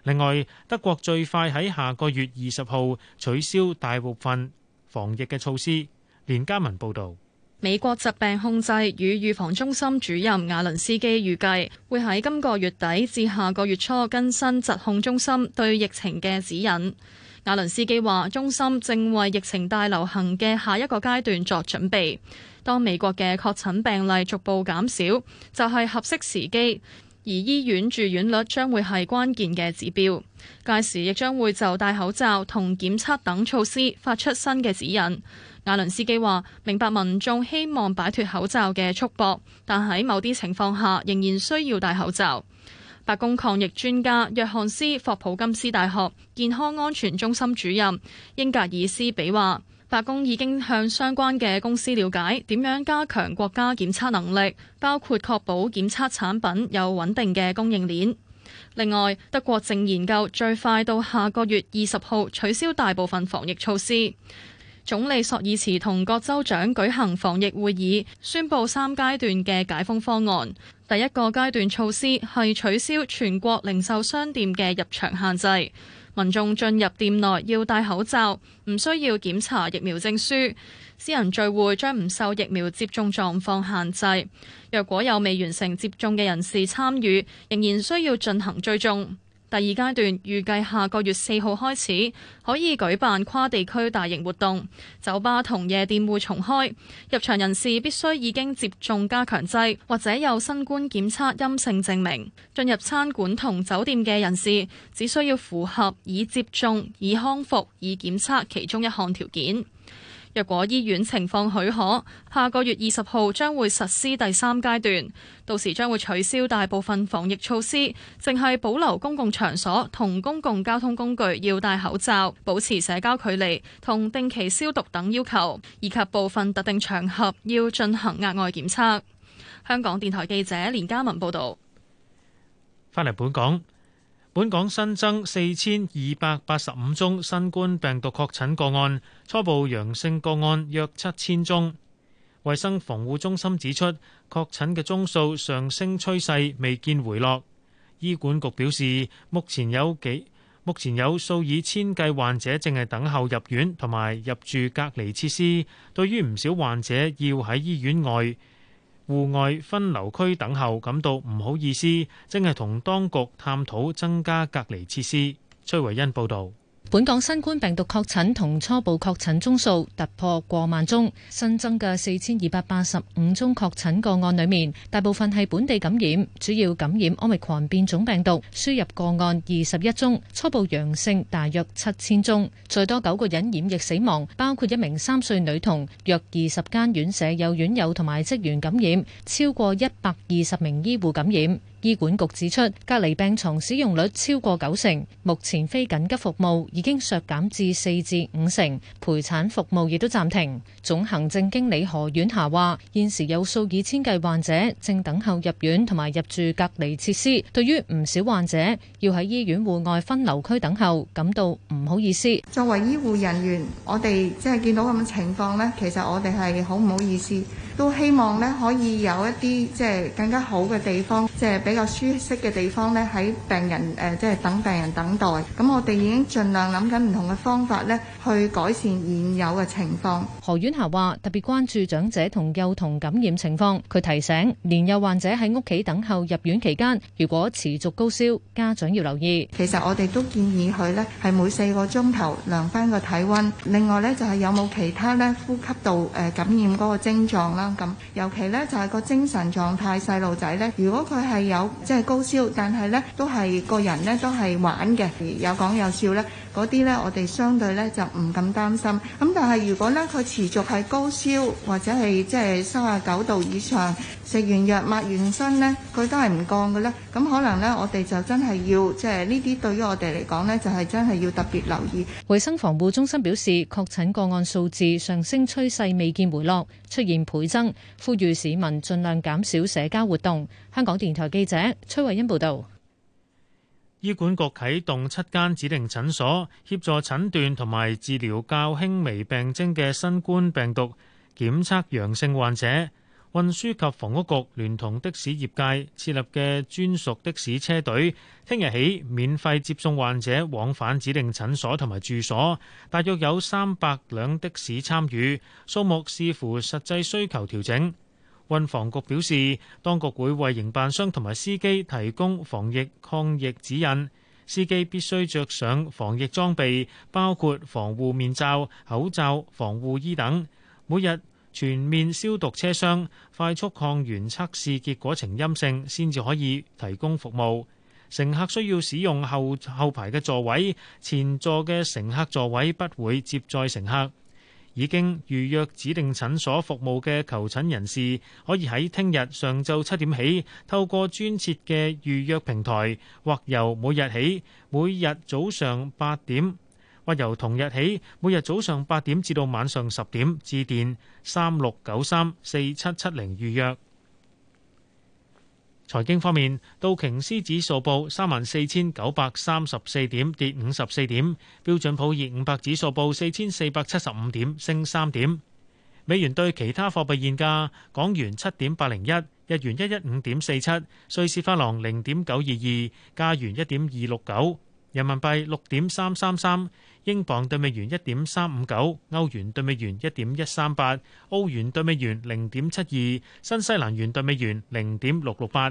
另外，德國最快喺下個月二十號取消大部分。防疫嘅措施。連家文報道，美國疾病控制與預防中心主任瓦倫斯基預計會喺今個月底至下個月初更新疾控中心對疫情嘅指引。瓦倫斯基話，中心正為疫情大流行嘅下一個階段作準備。當美國嘅確診病例逐步減少，就係合適時機。而醫院住院率將會係關鍵嘅指標，屆時亦將會就戴口罩同檢測等措施發出新嘅指引。亞倫斯基話：明白民眾希望擺脱口罩嘅束縛，但喺某啲情況下仍然需要戴口罩。白宮抗疫專家約翰斯霍普金斯大學健康安全中心主任英格爾斯比話。白宮已經向相關嘅公司了解點樣加強國家檢測能力，包括確保檢測產品有穩定嘅供應鏈。另外，德國正研究最快到下個月二十號取消大部分防疫措施。總理索爾茨同各州長舉行防疫會議，宣布三階段嘅解封方案。第一個階段措施係取消全國零售商店嘅入場限制。民眾進入店內要戴口罩，唔需要檢查疫苗證書。私人聚會將唔受疫苗接種狀況限制。若果有未完成接種嘅人士參與，仍然需要進行追蹤。第二階段預計下個月四號開始，可以舉辦跨地區大型活動，酒吧同夜店會重開，入場人士必須已經接種加強劑或者有新冠檢測陰性證明。進入餐館同酒店嘅人士只需要符合已接種、已康復、已檢測其中一項條件。若果醫院情況許可，下個月二十號將會實施第三階段，到時將會取消大部分防疫措施，淨係保留公共場所同公共交通工具要戴口罩、保持社交距離同定期消毒等要求，以及部分特定場合要進行額外檢測。香港電台記者連嘉文報導。翻嚟本港。本港新增四千二百八十五宗新冠病毒確診個案，初步陽性個案約七千宗。衛生防護中心指出，確診嘅宗數上升趨勢未見回落。醫管局表示，目前有幾目前有數以千計患者正係等候入院同埋入住隔離設施，對於唔少患者要喺醫院外。戶外分流區等候，感到唔好意思，正係同當局探討增加隔離設施。崔維恩報導。本港新冠病毒確診同初步確診宗數突破過萬宗，新增嘅四千二百八十五宗確診個案裏面，大部分係本地感染，主要感染奧密克戎變種病毒。輸入個案二十一宗，初步陽性大約七千宗。再多九個人染疫死亡，包括一名三歲女童。約二十間院舍有院友同埋職員感染，超過一百二十名醫護感染。醫管局指出，隔離病床使用率超過九成，目前非緊急服務已經削減至四至五成，陪產服務亦都暫停。總行政經理何婉霞話：現時有數以千計患者正等候入院同埋入住隔離設施，對於唔少患者要喺醫院戶外分流區等候，感到唔好意思。作為醫護人員，我哋即係見到咁嘅情況呢，其實我哋係好唔好意思。都希望咧可以有一啲即係更加好嘅地方，即係比較舒適嘅地方咧，喺病人誒即係等病人等待。咁我哋已經盡量諗緊唔同嘅方法咧，去改善現有嘅情況。何婉霞話：特別關注長者同幼童感染情況，佢提醒年幼患者喺屋企等候入院期間，如果持續高燒，家長要留意。其實我哋都建議佢咧係每四個鐘頭量翻個體温。另外咧就係有冇其他咧呼吸道誒感染嗰個症狀啦。咁尤其咧，就係個精神狀態。細路仔咧，如果佢係有即係高燒，但係咧都係個人咧都係玩嘅，有講有笑咧，嗰啲咧我哋相對咧就唔咁擔心。咁但係如果咧佢持續係高燒，或者係即係三十九度以上，食完藥抹完身咧，佢都係唔降嘅咧。咁可能咧，我哋就真係要即係呢啲對於我哋嚟講咧，就係真係要特別留意。衞生防護中心表示，確診個案數字上升趨勢未見回落。出現倍增，呼籲市民盡量減少社交活動。香港電台記者崔慧欣報道，醫管局啟動七間指定診所，協助診斷同埋治療較輕微病徵嘅新冠病毒檢測陽性患者。運輸及房屋局聯同的士業界設立嘅專屬的士車隊，聽日起免費接送患者往返指定診所同埋住所，大約有三百輛的士參與，數目視乎實際需求調整。運房局表示，當局會為營辦商同埋司機提供防疫抗疫指引，司機必須着上防疫裝備，包括防護面罩、口罩、防護衣等，每日，全面消毒車廂，快速抗原測試結果呈陰性，先至可以提供服務。乘客需要使用後後排嘅座位，前座嘅乘客座位不會接載乘客。已經預約指定診所服務嘅求診人士，可以喺聽日上晝七點起，透過專設嘅預約平台，或由每日起，每日早上八點。或由同日起，每日早上八點至到晚上十點，致電三六九三四七七零預約。財經方面，道瓊斯指數報三萬四千九百三十四點，跌五十四點；標準普爾五百指數報四千四百七十五點，升三點。美元對其他貨幣現價：港元七點八零一，日元一一五點四七，瑞士法郎零點九二二，加元一點二六九。人民幣六點三三三，英鎊對美元一點三五九，歐元對美元一點一三八，澳元對美元零點七二，新西蘭元對美元零點六六八。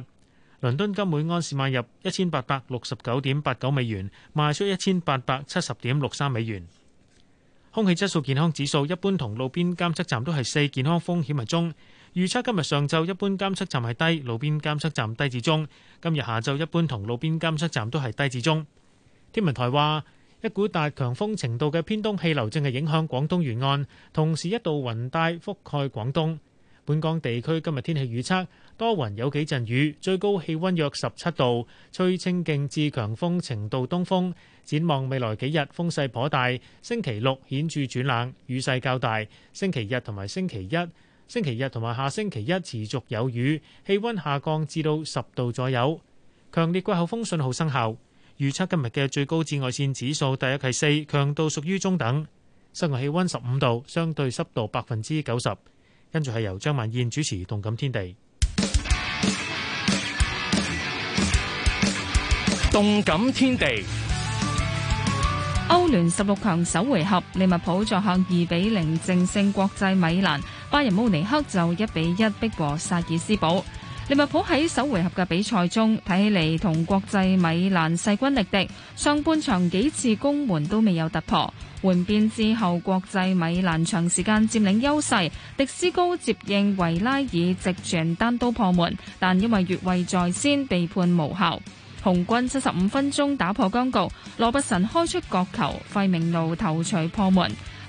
倫敦金每安士買入一千八百六十九點八九美元，賣出一千八百七十點六三美元。空氣質素健康指數一般，同路邊監測站都係四，健康風險係中。預測今日上晝一般監測站係低，路邊監測站低至中。今日下晝一般同路邊監測站都係低至中。天文台話，一股達強風程度嘅偏東氣流正係影響廣東沿岸，同時一道雲帶覆蓋廣東。本港地區今日天氣預測，多雲有幾陣雨，最高氣温約十七度，吹清勁至強風程度東風。展望未來幾日風勢頗大，星期六顯著轉冷，雨勢較大。星期日同埋星期一，星期日同埋下星期一持續有雨，氣温下降至到十度左右。強烈季候風信號生效。預測今日嘅最高紫外線指數大約係四，強度屬於中等。室外氣溫十五度，相對濕度百分之九十。跟住係由張曼燕主持《動感天地》。《動感天地》歐聯十六強首回合，利物浦作客二比零淨勝國際米蘭，拜仁慕尼黑就一比一逼和薩爾斯堡。利物浦喺首回合嘅比賽中，睇起嚟同國際米蘭勢均力敵。上半場幾次攻門都未有突破，換邊之後，國際米蘭長時間佔領優勢。迪斯高接應維拉爾直傳單刀破門，但因為越位在先被判無效。紅軍七十五分鐘打破僵局，羅伯臣開出角球，費明路頭槌破門。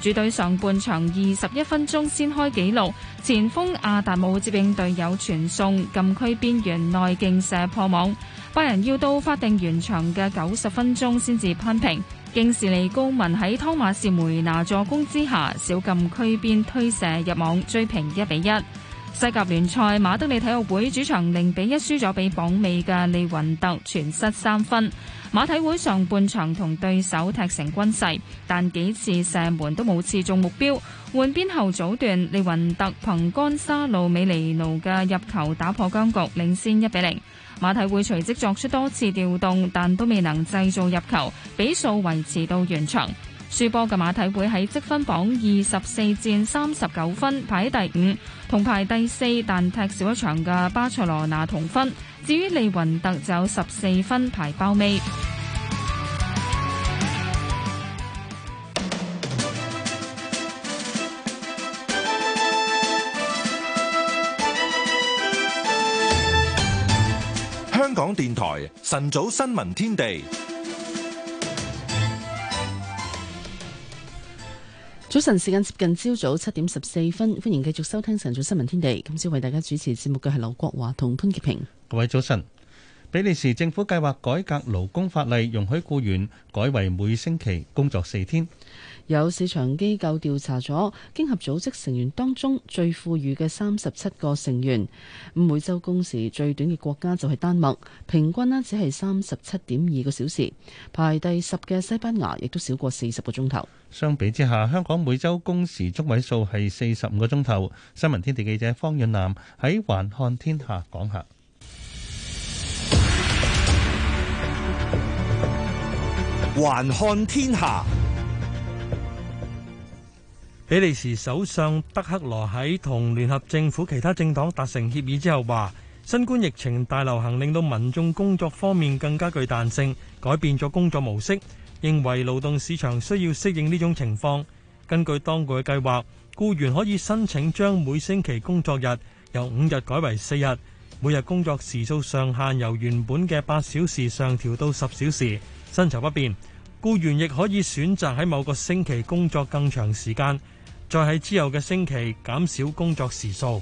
主隊上半場二十一分鐘先開紀錄，前鋒阿達姆接應隊友傳送，禁區邊緣內勁射破網，拜仁要到法定完場嘅九十分鐘先至扳平。京士利高文喺湯馬士梅拿助攻之下，小禁區邊推射入網追平一比一。西甲聯賽，馬德里體育會主場零比一輸咗俾榜尾嘅利雲特，全失三分。馬體會上半場同對手踢成均勢，但幾次射門都冇刺中目標。換邊後早段，利雲特憑干沙路美利奴嘅入球打破僵局，領先一比零。馬體會隨即作出多次調動，但都未能製造入球，比數維持到完場。輸波嘅馬體會喺積分榜二十四戰三十九分，排喺第五。同排第四，但踢少一場嘅巴塞羅那同分。至於利雲特就有十四分排包尾。香港電台晨早新聞天地。早晨，時間接近朝早七點十四分，歡迎繼續收聽晨早新聞天地。今朝為大家主持節目嘅係劉國華同潘潔平。各位早晨，比利時政府計劃改革勞工法例，容許僱員改為每星期工作四天。有市場機構調查咗經合組織成員當中最富裕嘅三十七個成員，每周工時最短嘅國家就係丹麥，平均咧只係三十七點二個小時。排第十嘅西班牙亦都少過四十個鐘頭。相比之下，香港每周工時足位數係四十五個鐘頭。新聞天地記者方潤南喺環看天下講下環看天下。比利時首相德克羅喺同聯合政府其他政黨達成協議之後話，新冠疫情大流行令到民眾工作方面更加具彈性，改變咗工作模式，認為勞動市場需要適應呢種情況。根據當局嘅計劃，僱員可以申請將每星期工作日由五日改為四日，每日工作時數上限由原本嘅八小時上調到十小時，薪酬不變。僱員亦可以選擇喺某個星期工作更長時間。再喺之後嘅星期減少工作時數。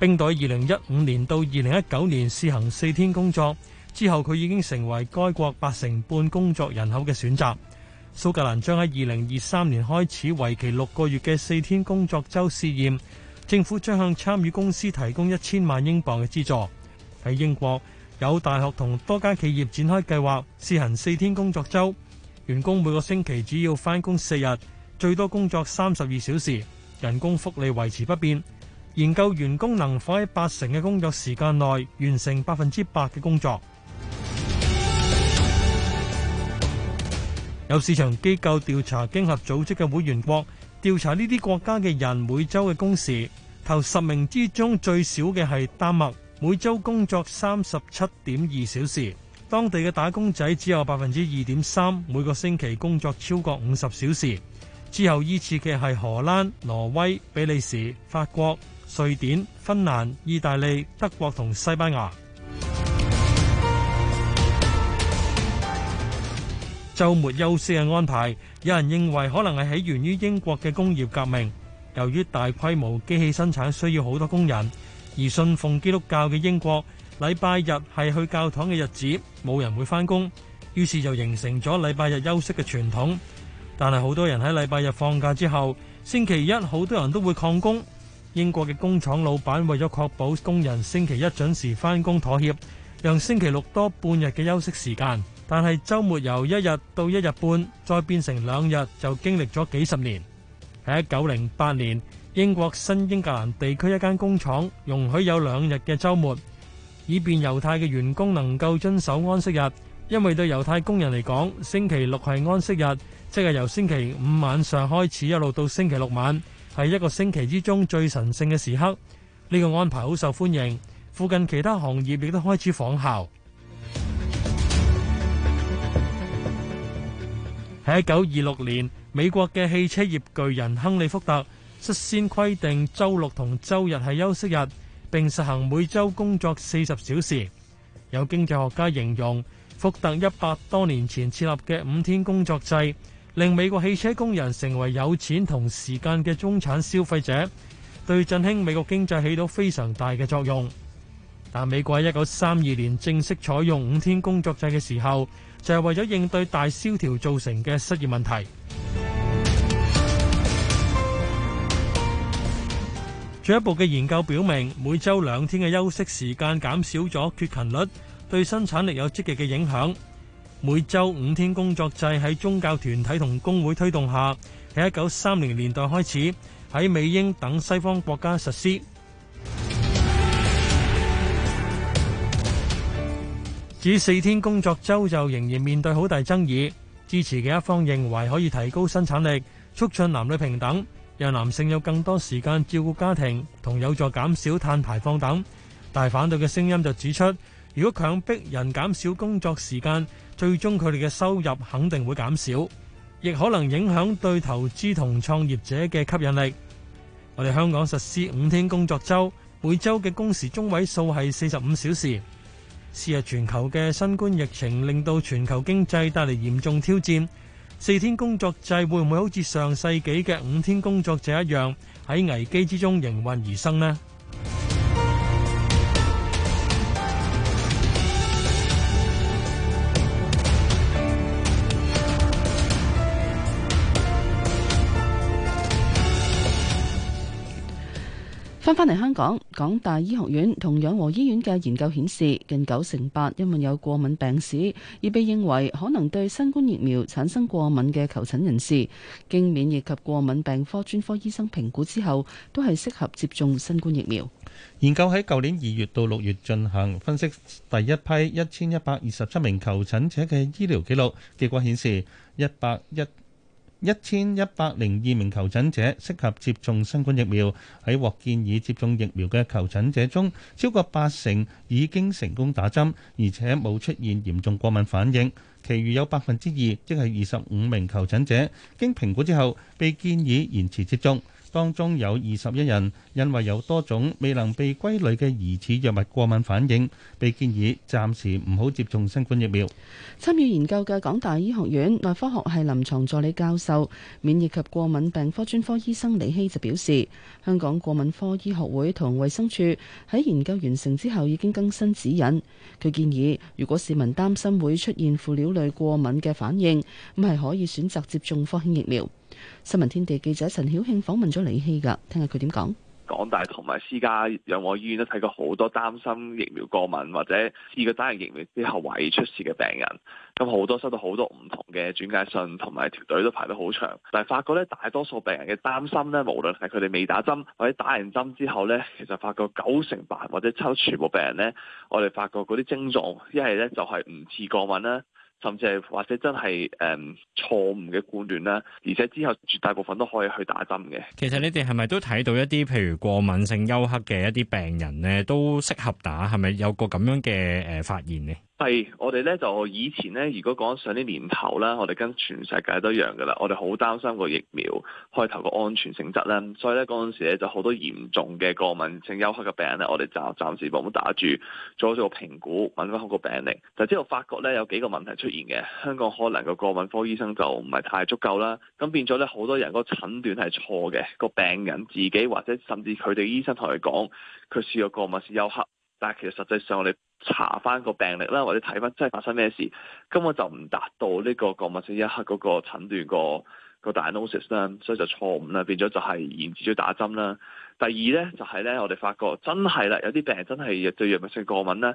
冰島二零一五年到二零一九年試行四天工作之後，佢已經成為該國八成半工作人口嘅選擇。蘇格蘭將喺二零二三年開始為期六個月嘅四天工作周試驗。政府將向參與公司提供一千萬英鎊嘅資助。喺英國有大學同多家企業展開計劃試行四天工作周。員工每個星期只要返工四日，最多工作三十二小時，人工福利維持不變。研究員工能否喺八成嘅工作時間內完成百分之百嘅工作。 有市場機構調查經合組織嘅會員國，調查呢啲國家嘅人每週嘅工時，頭十名之中最少嘅係丹麥，每週工作三十七點二小時。當地嘅打工仔只有百分之二點三，每個星期工作超過五十小時。之後依次嘅係荷蘭、挪威、比利時、法國、瑞典、芬蘭、意大利、德國同西班牙。週 末休息嘅安排，有人認為可能係起源於英國嘅工業革命。由於大規模機器生產需要好多工人，而信奉基督教嘅英國。禮拜日係去教堂嘅日子，冇人會返工，於是就形成咗禮拜日休息嘅傳統。但係好多人喺禮拜日放假之後，星期一好多人都會曠工。英國嘅工廠老闆為咗確保工人星期一準時返工，妥協讓星期六多半日嘅休息時間。但係週末由一日到一日半，再變成兩日，就經歷咗幾十年。喺一九零八年，英國新英格蘭地區一間工廠容許有兩日嘅週末。以便猶太嘅員工能夠遵守安息日，因為對猶太工人嚟講，星期六係安息日，即係由星期五晚上開始一路到星期六晚，係一個星期之中最神聖嘅時刻。呢個安排好受歡迎，附近其他行業亦都開始仿效。喺一九二六年，美國嘅汽車業巨人亨利福特率先規定周六同周日係休息日。並實行每周工作四十小時。有經濟學家形容，福特一百多年前設立嘅五天工作制，令美國汽車工人成為有錢同時間嘅中產消費者，對振興美國經濟起到非常大嘅作用。但美國喺一九三二年正式採用五天工作制嘅時候，就係為咗應對大蕭條造成嘅失業問題。進一步嘅研究表明，每周兩天嘅休息時間減少咗缺勤率，對生產力有積極嘅影響。每周五天工作制喺宗教團體同工會推動下，喺一九三零年代開始，喺美英等西方國家實施。至於四天工作周，就仍然面對好大爭議，支持嘅一方認為可以提高生產力，促進男女平等。讓男性有更多時間照顧家庭同有助減少碳排放等，但反對嘅聲音就指出，如果強迫人減少工作時間，最終佢哋嘅收入肯定會減少，亦可能影響對投資同創業者嘅吸引力。我哋香港實施五天工作周，每周嘅工時中位數係四十五小時。是日全球嘅新冠疫情令到全球經濟帶嚟嚴重挑戰。四天工作制會唔會好似上世紀嘅五天工作制一樣，喺危機之中應運而生呢？翻返嚟香港，港大醫學院同養和醫院嘅研究顯示近，近九成八因為有過敏病史而被認為可能對新冠疫苗產生過敏嘅求診人士，經免疫及過敏病科專科醫生評估之後，都係適合接種新冠疫苗。研究喺舊年二月到六月進行分析，第一批一千一百二十七名求診者嘅醫療記錄，結果顯示一百一。一千一百零二名求診者適合接種新冠疫苗，喺獲建議接種疫苗嘅求診者中，超過八成已經成功打針，而且冇出現嚴重過敏反應。其餘有百分之二，即係二十五名求診者，經評估之後被建議延遲接種。當中有二十一人因為有多種未能被歸類嘅疑似藥物過敏反應，被建議暫時唔好接種新冠疫苗。參與研究嘅港大醫學院內科學系臨床助理教授、免疫及過敏病，病科專科醫生李希就表示，香港過敏科醫學會同衛生處署喺研究完成之後已經更新指引。佢建議，如果市民擔心會出現輔料類過敏嘅反應，咁係可以選擇接種科興疫苗。新聞天地記者陳曉慶訪問咗李希噶，聽下佢點講。港大同埋私家養和醫院都睇過好多擔心疫苗過敏或者試過打完疫苗之後懷疑出事嘅病人，咁好多收到好多唔同嘅轉介信，同埋條隊都排得好長。但係發覺咧，大多數病人嘅擔心咧，無論係佢哋未打針或者打完針之後咧，其實發覺九成八或者抽全部病人咧，我哋發覺嗰啲症狀一係咧就係唔似過敏啦。甚至係或者真係誒錯誤嘅觀念啦，而且之後絕大部分都可以去打針嘅。其實你哋係咪都睇到一啲譬如過敏性休克嘅一啲病人咧，都適合打？係咪有個咁樣嘅誒發現咧？係，我哋咧就以前咧，如果講上啲年頭啦，我哋跟全世界都一樣噶啦，我哋好擔心個疫苗開頭個安全性質啦，所以咧嗰陣時咧就好多嚴重嘅過敏性休克嘅病人咧，我哋暫暫時冇打住，做咗個評估，揾翻好個病例，就之後發覺咧有幾個問題出現嘅，香港可能個過敏科醫生就唔係太足夠啦，咁變咗咧好多人個診斷係錯嘅，個病人自己或者甚至佢哋醫生同佢講佢試過過敏性休克，但係其實實際上我哋，查翻個病歷啦，或者睇翻真係發生咩事，根本就唔達到呢個過敏性一刻嗰個診斷，個個 diagnosis 啦，所以就錯誤啦，變咗就係延遲咗打針啦。第二咧就係咧，我哋發覺真係啦，有啲病真係對藥物性過敏啦，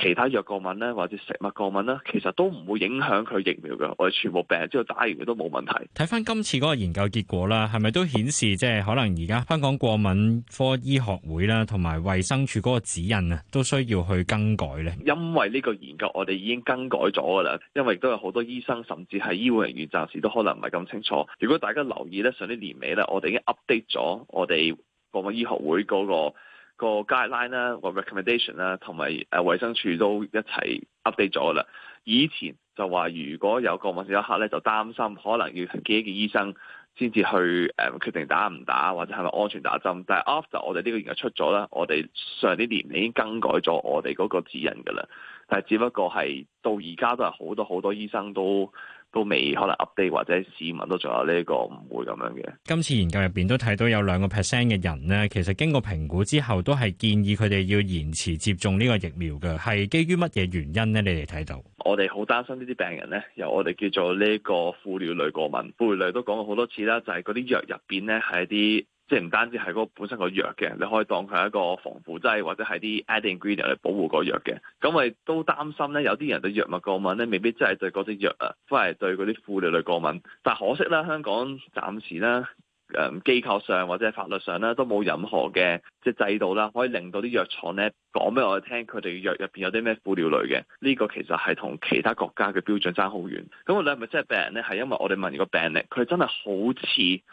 其他藥過敏咧，或者食物過敏啦，其實都唔會影響佢疫苗嘅。我哋全部病人都打完都冇問題。睇翻今次嗰個研究結果啦，係咪都顯示即係可能而家香港過敏科醫學會啦，同埋衛生署嗰個指引啊，都需要去更改咧？因為呢個研究我哋已經更改咗噶啦，因為都有好多醫生甚至係醫護人員暫時都可能唔係咁清楚。如果大家留意咧，上啲年尾咧，我哋已經 update 咗我哋。個醫學會嗰、那個、那個 guideline 啦，個 recommendation 啦，同埋誒衞生署都一齊 update 咗噶啦。以前就話，如果有個患者咧，就擔心可能要自己嘅醫生先至去誒、嗯、決定打唔打，或者係咪安全打針。但係 after 就我哋呢個研究出咗啦，我哋上啲年已經更改咗我哋嗰個指引噶啦。但係只不過係到而家都係好多好多醫生都。都未可能 update 或者市民都仲有呢個誤會咁樣嘅。今次研究入邊都睇到有兩個 percent 嘅人咧，其實經過評估之後都係建議佢哋要延遲接種呢個疫苗嘅，係基於乜嘢原因咧？你哋睇到我哋好擔心呢啲病人咧，由我哋叫做呢個副料類過敏，副料類都講過好多次啦，就係嗰啲藥入邊咧，係一啲。即係唔單止係嗰本身個藥嘅，你可以當佢係一個防腐劑或者係啲 add ingredient 嚟保護個藥嘅。咁我亦都擔心咧，有啲人對藥物過敏咧，未必真係對嗰隻藥啊，反係對嗰啲輔料嚟過敏。但可惜啦，香港暫時啦。誒機構上或者係法律上咧，都冇任何嘅即係制度啦，可以令到啲藥廠咧講俾我哋聽，佢哋藥入邊有啲咩輔料類嘅？呢個其實係同其他國家嘅標準爭好遠。咁你係咪真係病人咧？係因為我哋問完個病歷，佢真係好似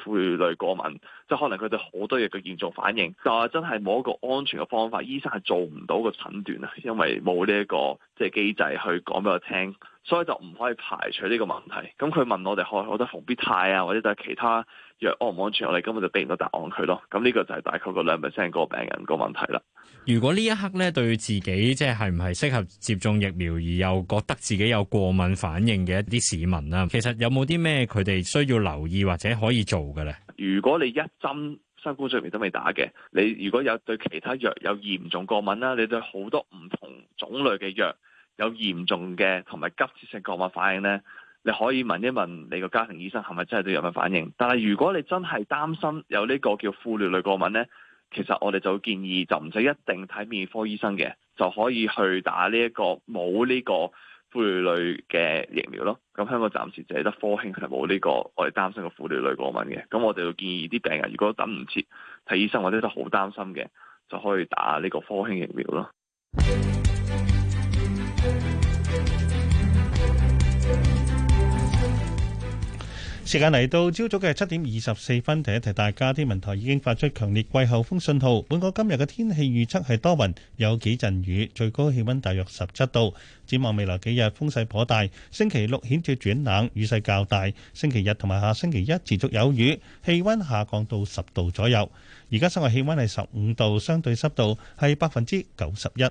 輔料類過敏，就可能佢哋好多嘢嘅嚴重反應，但係真係冇一個安全嘅方法，醫生係做唔到個診斷啊，因為冇呢一個即係機制去講俾我聽。所以就唔可以排除呢個問題。咁佢問我哋可，我覺得防必泰啊，或者就係其他藥安唔安全，我哋根本就俾唔到答案佢咯。咁呢個就係大概個兩 percent 個病人個問題啦。如果呢一刻咧對自己即係係唔係適合接種疫苗，而又覺得自己有過敏反應嘅一啲市民啦，其實有冇啲咩佢哋需要留意或者可以做嘅咧？如果你一針新冠疫苗都未打嘅，你如果有對其他藥有嚴重過敏啦，你對好多唔同種類嘅藥，有嚴重嘅同埋急切性過敏反應呢，你可以問一問你個家庭醫生係咪真係都有咩反應？但係如果你真係擔心有呢個叫枯尿類過敏呢，其實我哋就建議就唔使一定睇免疫科醫生嘅，就可以去打呢一個冇呢個枯尿類嘅疫苗咯。咁香港暫時就係得科興係冇呢個我哋擔心嘅枯尿類過敏嘅。咁我哋建議啲病人如果等唔切睇醫生或者都好擔心嘅，就可以打呢個科興疫苗咯。時間嚟到朝早嘅七點二十四分，提一提大家，天文台已經發出強烈季候風信號。本港今日嘅天氣預測係多雲，有幾陣雨，最高氣温大約十七度。展望未來幾日風勢頗大，星期六顯著轉冷，雨勢較大；星期日同埋下星期一持續有雨，氣温下降到十度左右。而家室外氣温係十五度，相對濕度係百分之九十一。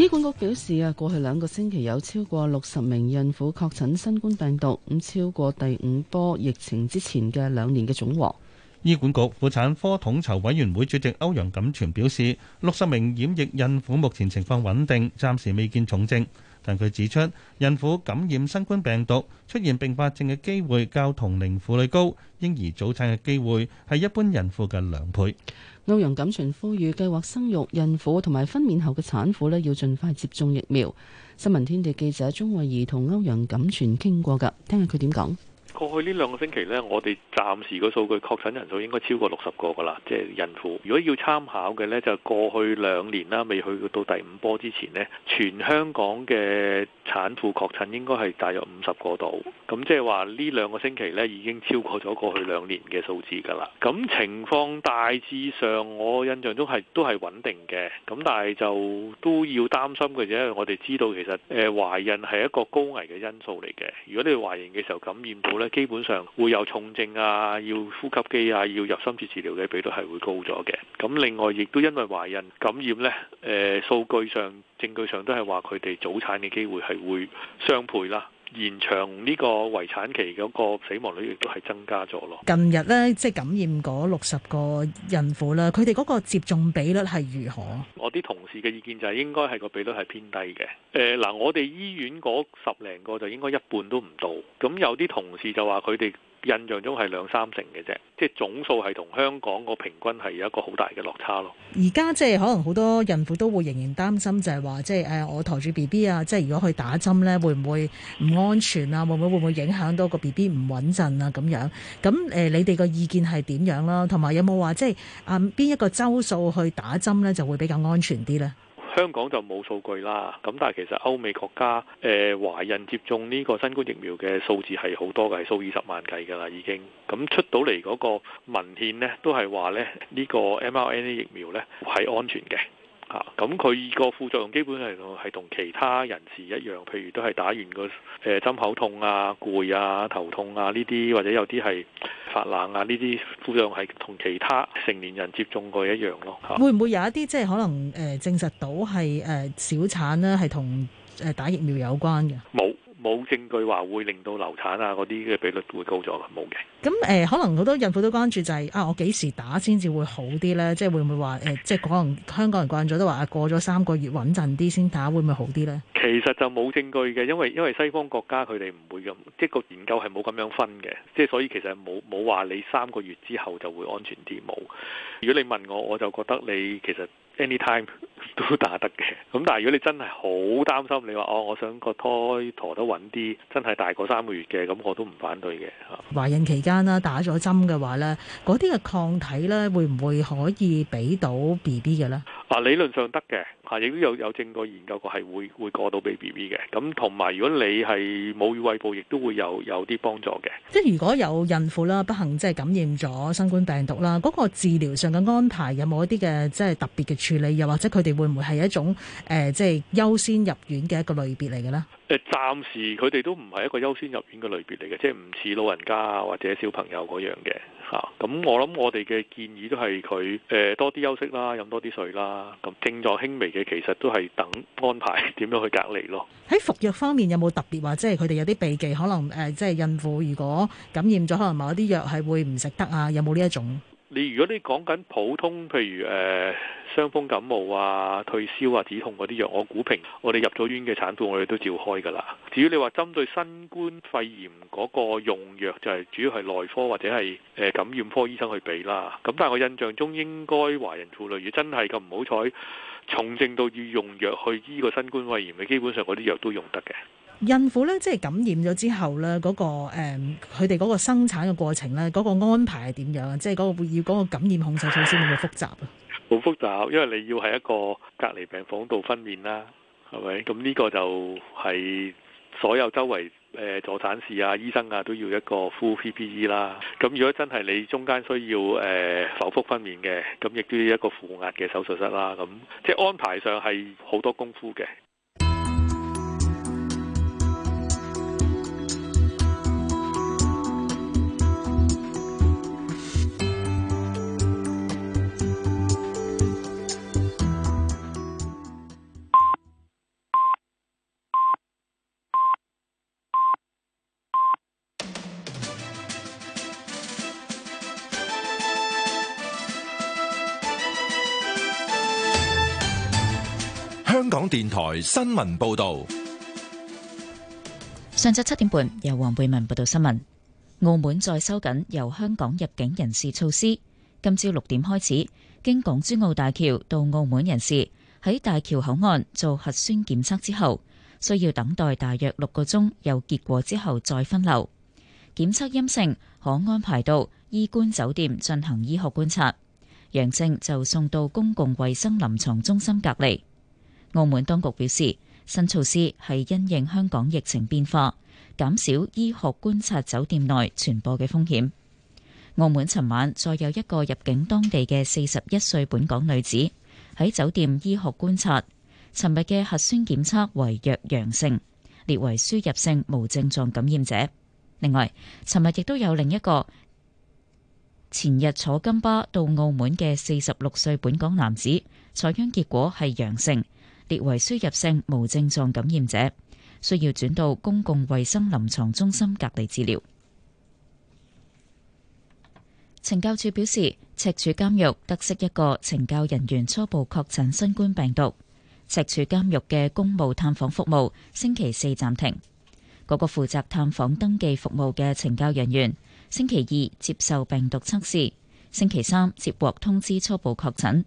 醫管局表示啊，過去兩個星期有超過六十名孕婦確診新冠病毒，咁超過第五波疫情之前嘅兩年嘅總和。醫管局婦產科統籌委員會主席歐陽錦泉表示，六十名染疫孕婦目前情況穩定，暫時未見重症。但佢指出，孕婦感染新冠病毒出現併發症嘅機會較同齡婦女高，嬰兒早產嘅機會係一般孕婦嘅兩倍。歐陽錦泉呼籲計劃生育孕婦同埋分娩後嘅產婦咧，要盡快接種疫苗。新聞天地記者鍾慧儀同歐陽錦泉傾過噶，聽下佢點講。過去呢兩個星期呢，我哋暫時個數據確診人數應該超過六十個噶啦，即係孕婦。如果要參考嘅呢，就過去兩年啦，未去到第五波之前呢，全香港嘅。產婦確診應該係大約五十個度，咁即係話呢兩個星期呢已經超過咗過去兩年嘅數字㗎啦。咁情況大致上，我印象中係都係穩定嘅。咁但係就都要擔心嘅，因為我哋知道其實誒、呃、懷孕係一個高危嘅因素嚟嘅。如果你懷孕嘅時候感染到呢，基本上會有重症啊，要呼吸機啊，要入深切治療嘅比率係會高咗嘅。咁另外亦都因為懷孕感染呢，誒、呃、數據上。證據上都係話佢哋早產嘅機會係會雙倍啦，延長呢個圍產期嗰個死亡率亦都係增加咗咯。近日呢，即係感染嗰六十個孕婦啦，佢哋嗰個接種比率係如何？我啲同事嘅意見就係應該係個比率係偏低嘅。誒、呃、嗱，我哋醫院嗰十零個就應該一半都唔到。咁有啲同事就話佢哋。印象中係兩三成嘅啫，即係總數係同香港個平均係有一個好大嘅落差咯。而家即係可能好多孕婦都會仍然擔心就，就係話即係誒我抬住 BB 啊，即係如果去打針呢，會唔會唔安全啊？會唔會會唔會影響到個 BB 唔穩陣啊？咁樣咁誒、呃，你哋個意見係點樣啦？同埋有冇話即係誒邊一個週數去打針呢，就會比較安全啲呢？香港就冇數據啦，咁但係其實歐美國家誒、呃、懷孕接種呢個新冠疫苗嘅數字係好多嘅，係數以十萬計㗎啦，已經咁出到嚟嗰個文獻呢，都係話咧呢、呢個 mRNA 疫苗呢係安全嘅。咁佢、嗯、個副作用基本係同係同其他人士一樣，譬如都係打完個誒、呃、針口痛啊、攰啊、頭痛啊呢啲，或者有啲係發冷啊呢啲副作用係同其他成年人接種過一樣咯。嚇、嗯，會唔會有一啲即係可能誒證實到係誒、呃、小產呢？係同誒打疫苗有關嘅？冇。冇證據話會令到流產啊嗰啲嘅比率會高咗嘅，冇嘅。咁誒，可能好多孕婦都關注就係啊，我幾時打先至會好啲呢？即係會唔會話誒？即係可能香港人慣咗都話過咗三個月穩陣啲先打，會唔會好啲呢？其實就冇證據嘅，因為因為西方國家佢哋唔會咁，即個研究係冇咁樣分嘅，即係所以其實冇冇話你三個月之後就會安全啲冇。如果你問我，我就覺得你其實。Anytime 都打得嘅，咁但係如果你真係好擔心，你話哦，我想個胎陀得穩啲，真係大過三個月嘅，咁我都唔反對嘅。懷孕期間啦，打咗針嘅話咧，嗰啲嘅抗體咧，會唔會可以俾到 BB 嘅咧？啊，理論上得嘅，啊，亦都有有證據研究過，係會會過到俾 BB 嘅。咁同埋如果你係冇胃部，亦都會有有啲幫助嘅。即係如果有孕婦啦，不幸即係感染咗新冠病毒啦，嗰個治療上嘅安排有冇一啲嘅即係特別嘅？處理又或者佢哋會唔會係一種誒，即、呃、係、就是、優先入院嘅一個類別嚟嘅呢？誒，暫時佢哋都唔係一個優先入院嘅類別嚟嘅，即係唔似老人家或者小朋友嗰樣嘅吓。咁、啊、我諗我哋嘅建議都係佢誒多啲休息啦，飲多啲水啦。咁症狀輕微嘅，其實都係等安排點樣去隔離咯。喺服藥方面有冇特別話，即係佢哋有啲避忌，可能誒，即、呃、係、就是、孕婦如果感染咗，可能某啲藥係會唔食得啊？有冇呢一種？你如果你講緊普通，譬如誒、呃、傷風感冒啊、退燒啊、止痛嗰啲藥，我估評我哋入咗醫院嘅產婦，我哋都照開噶啦。至於你話針對新冠肺炎嗰個用藥，就係、是、主要係內科或者係誒、呃、感染科醫生去俾啦。咁但係我印象中應該懷孕婦女，如果真係咁唔好彩，重症到要用藥去醫個新冠肺炎，你基本上嗰啲藥都用得嘅。孕婦咧，即係感染咗之後咧，嗰、嗰個佢哋嗰個生產嘅過程咧，嗰、嗰個安排係點樣？即係嗰、嗰個要嗰個感染控制措施會唔會複雜啊？好複雜，因為你要喺一個隔離病房度分娩啦，係咪？咁呢個就係所有周圍誒、呃、助產士啊、醫生啊都要一個 full PPE 啦。咁如果真係你中間需要誒剖、呃、腹分娩嘅，咁亦都要一個負壓嘅手術室啦。咁即係安排上係好多功夫嘅。電台新聞報道：上晝七點半，由黃貝文報道新聞。澳門再收緊由香港入境人士措施，今朝六點開始，經港珠澳大橋到澳門人士喺大橋口岸做核酸檢測之後，需要等待大約六個鐘，有結果之後再分流。檢測陰性可安排到醫官酒店進行醫學觀察，陽性就送到公共衛生臨床中心隔離。澳門當局表示，新措施係因應香港疫情變化，減少醫學觀察酒店內傳播嘅風險。澳門尋晚再有一個入境當地嘅四十一歲本港女子，喺酒店醫學觀察，尋日嘅核酸檢測為弱陽性，列為輸入性無症狀感染者。另外，尋日亦都有另一個前日坐金巴到澳門嘅四十六歲本港男子，採樣結果係陽性。列為輸入性無症狀感染者，需要轉到公共衛生臨床中心隔離治療。懲教處表示，赤柱監獄得悉一個懲教人員初步確診新冠病毒，赤柱監獄嘅公務探訪服務星期四暫停。嗰個負責探訪登記服務嘅懲教人員星期二接受病毒測試，星期三接獲通知初步確診。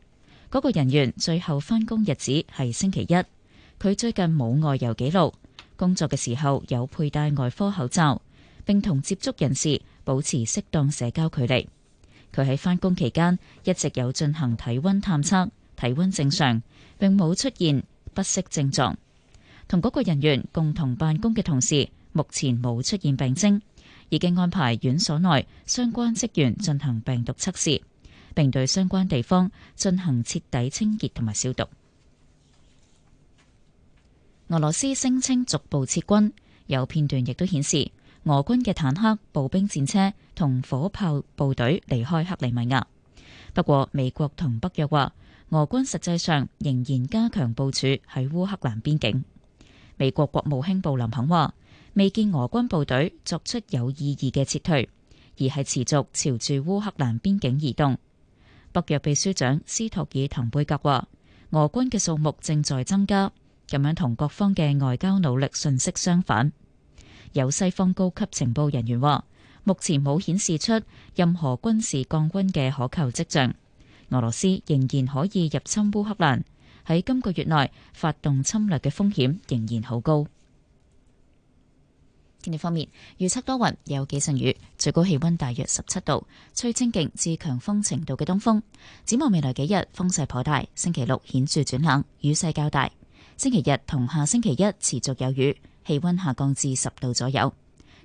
嗰個人員最後返工日子係星期一，佢最近冇外遊記錄，工作嘅時候有佩戴外科口罩，並同接觸人士保持適當社交距離。佢喺返工期間一直有進行體温探測，體温正常，並冇出現不適症狀。同嗰個人員共同辦公嘅同事目前冇出現病徵，已經安排院所內相關職員進行病毒測試。並對相關地方進行徹底清潔同埋消毒。俄羅斯聲稱逐步撤軍，有片段亦都顯示俄軍嘅坦克、步兵戰車同火炮部隊離開克里米亞。不過，美國同北約話，俄軍實際上仍然加強部署喺烏克蘭邊境。美國國務卿布林肯話，未見俄軍部隊作出有意義嘅撤退，而係持續朝住烏克蘭邊境移動。北約秘書長斯托爾滕貝格話：俄軍嘅數目正在增加，咁樣同各方嘅外交努力信息相反。有西方高級情報人員話，目前冇顯示出任何軍事降軍嘅可靠跡象。俄羅斯仍然可以入侵烏克蘭，喺今個月內發動侵略嘅風險仍然好高。天氣方面，預測多雲有幾陣雨，最高氣溫大約十七度，吹清勁至強風程度嘅東風。展望未來幾日，風勢頗大，星期六顯著轉冷，雨勢較大，星期日同下星期一持續有雨，氣溫下降至十度左右。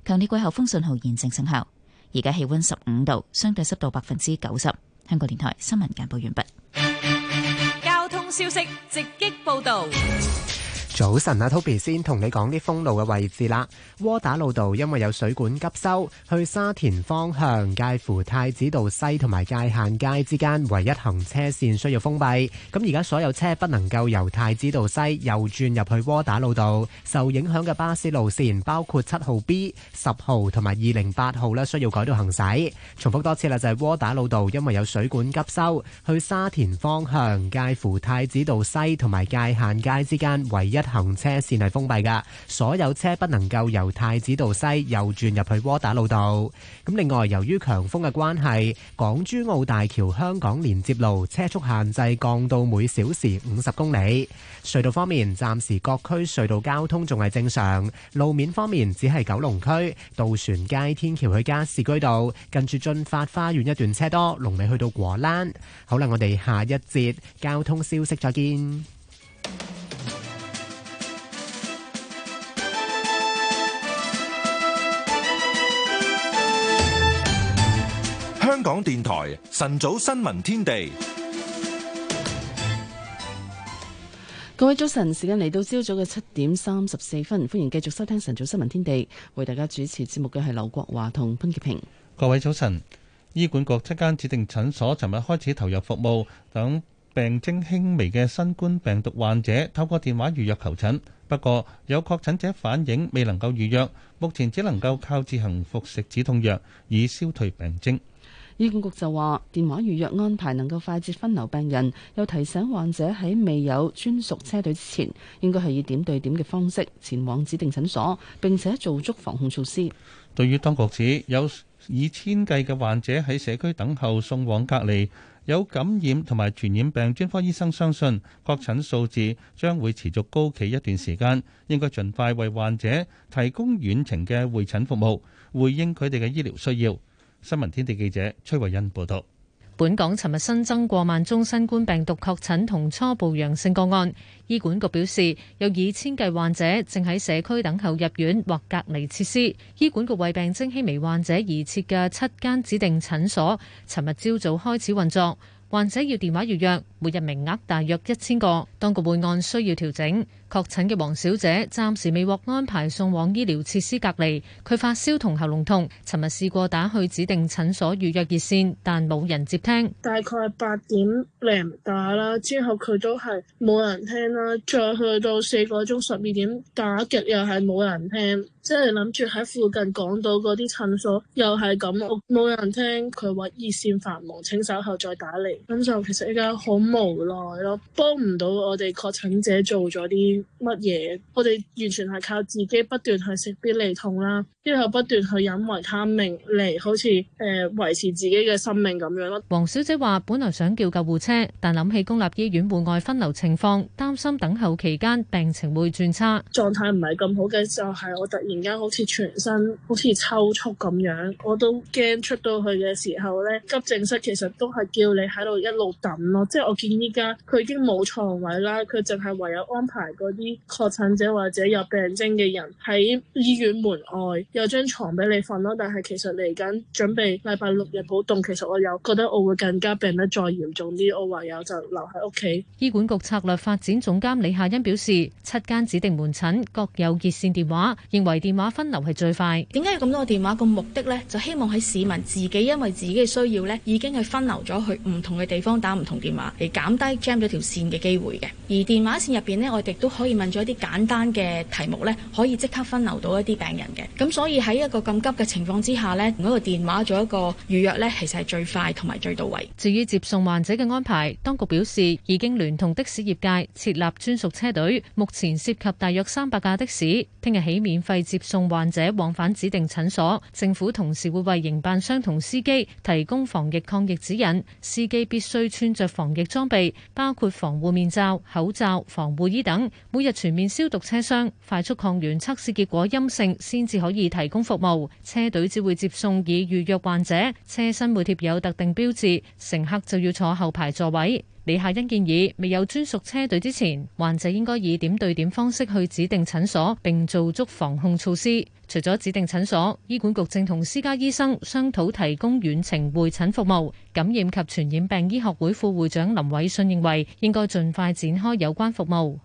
強烈季候風信號現正生效，而家氣溫十五度，相對濕度百分之九十。香港電台新聞簡報完畢。交通消息直擊報道。早晨啊，Toby 先同你講啲封路嘅位置啦。窩打老道因為有水管急修，去沙田方向介乎太子道西同埋界限街之間唯一行車線需要封閉。咁而家所有車不能夠由太子道西右轉入去窩打老道。受影響嘅巴士路線包括七號 B、十號同埋二零八號咧，需要改道行駛。重複多次啦，就係窩打老道因為有水管急修，去沙田方向介乎太子道西同埋界限街之間唯一。行車線係封閉噶，所有車不能夠由太子道西右轉入去窩打老道。咁另外，由於強風嘅關係，港珠澳大橋、香港連接路車速限制降到每小時五十公里。隧道方面，暫時各區隧道交通仲係正常。路面方面，只係九龍區渡船街天橋去加士居道近住駿發花園一段車多，龍尾去到果欄。好啦，我哋下一節交通消息再見。香港電台晨早新聞天地，各位早晨，時間嚟到朝早嘅七點三十四分，歡迎繼續收聽晨早新聞天地。為大家主持節目嘅係劉國華同潘潔平。各位早晨，醫管局七間指定診所尋日開始投入服務，等病徵輕微嘅新冠病毒患者透過電話預約求診。不過有確診者反映未能夠預約，目前只能夠靠自行服食止痛藥以消退病徵。醫管局就話，電話預約安排能夠快捷分流病人，又提醒患者喺未有專屬車隊之前，應該係以點對點嘅方式前往指定診所，並且做足防控措施。對於當局指有以千計嘅患者喺社區等候送往隔離，有感染同埋傳染病專科醫生相信確診數字將會持續高企一段時間，應該盡快為患者提供遠程嘅會診服務，回應佢哋嘅醫療需要。新聞天地記者崔慧欣報道，本港尋日新增過萬宗新冠病毒確診同初步陽性個案。醫管局表示，有二千計患者正喺社區等候入院或隔離設施。醫管局為病徵輕微患者而設嘅七間指定診所，尋日朝早開始運作。患者要電話預約，每日名額大約一千個，當局會按需要調整。確診嘅黃小姐暫時未獲安排送往醫療設施隔離，佢發燒同喉嚨痛，尋日試過打去指定診所預約熱線，但冇人接聽。大概八點零打啦，之後佢都係冇人聽啦，再去到四個鐘十二點打極又係冇人聽，即係諗住喺附近講到嗰啲診所又係咁冇人聽，佢話熱線繁忙，請稍後再打嚟。咁就其實依家好無奈咯，幫唔到我哋確診者做咗啲。乜嘢？我哋完全係靠自己，不斷去食必理痛啦，之後不斷去飲維他命嚟，好似誒維持自己嘅生命咁樣咯。黃小姐話：本來想叫救護車，但諗起公立醫院戶外分流情況，擔心等候期間病情會轉差，狀態唔係咁好嘅就係、是、我突然間好似全身好似抽搐咁樣，我都驚出到去嘅時候咧，急症室其實都係叫你喺度一路等咯。即係我見依家佢已經冇床位啦，佢淨係唯有安排個。嗰啲確診者或者有病徵嘅人喺醫院門外有張床俾你瞓咯，但係其實嚟緊準備禮拜六日好凍，其實我有覺得我會更加病得再嚴重啲，我唯有就留喺屋企。醫管局策略發展總監李夏欣表示，七間指定門診各有熱線電話，認為電話分流係最快。點解有咁多個電話？個目的呢？就希望喺市民自己因為自己嘅需要呢已經係分流咗去唔同嘅地方打唔同電話，嚟減低 jam 咗條線嘅機會嘅。而電話線入邊呢，我哋都。可以問咗一啲簡單嘅題目呢，可以即刻分流到一啲病人嘅。咁所以喺一個咁急嘅情況之下呢，用一個電話做一個預約呢，其實係最快同埋最到位。至於接送患者嘅安排，當局表示已經聯同的士業界設立專屬車隊，目前涉及大約三百架的士。聽日起免費接送患者往返指定診所，政府同時會為營辦商同司機提供防疫抗疫指引。司機必須穿着防疫裝備，包括防護面罩、口罩、防護衣等，每日全面消毒車廂。快速抗原測試結果陰性先至可以提供服務。車隊只會接送已預約患者，車身每貼有特定標誌，乘客就要坐後排座位。李夏欣建議，未有專屬車隊之前，患者應該以點對點方式去指定診所，並做足防控措施。除咗指定診所，醫管局正同私家醫生商討提供遠程會診服務。感染及傳染病醫學會副會長林偉信認為，應該盡快展開有關服務。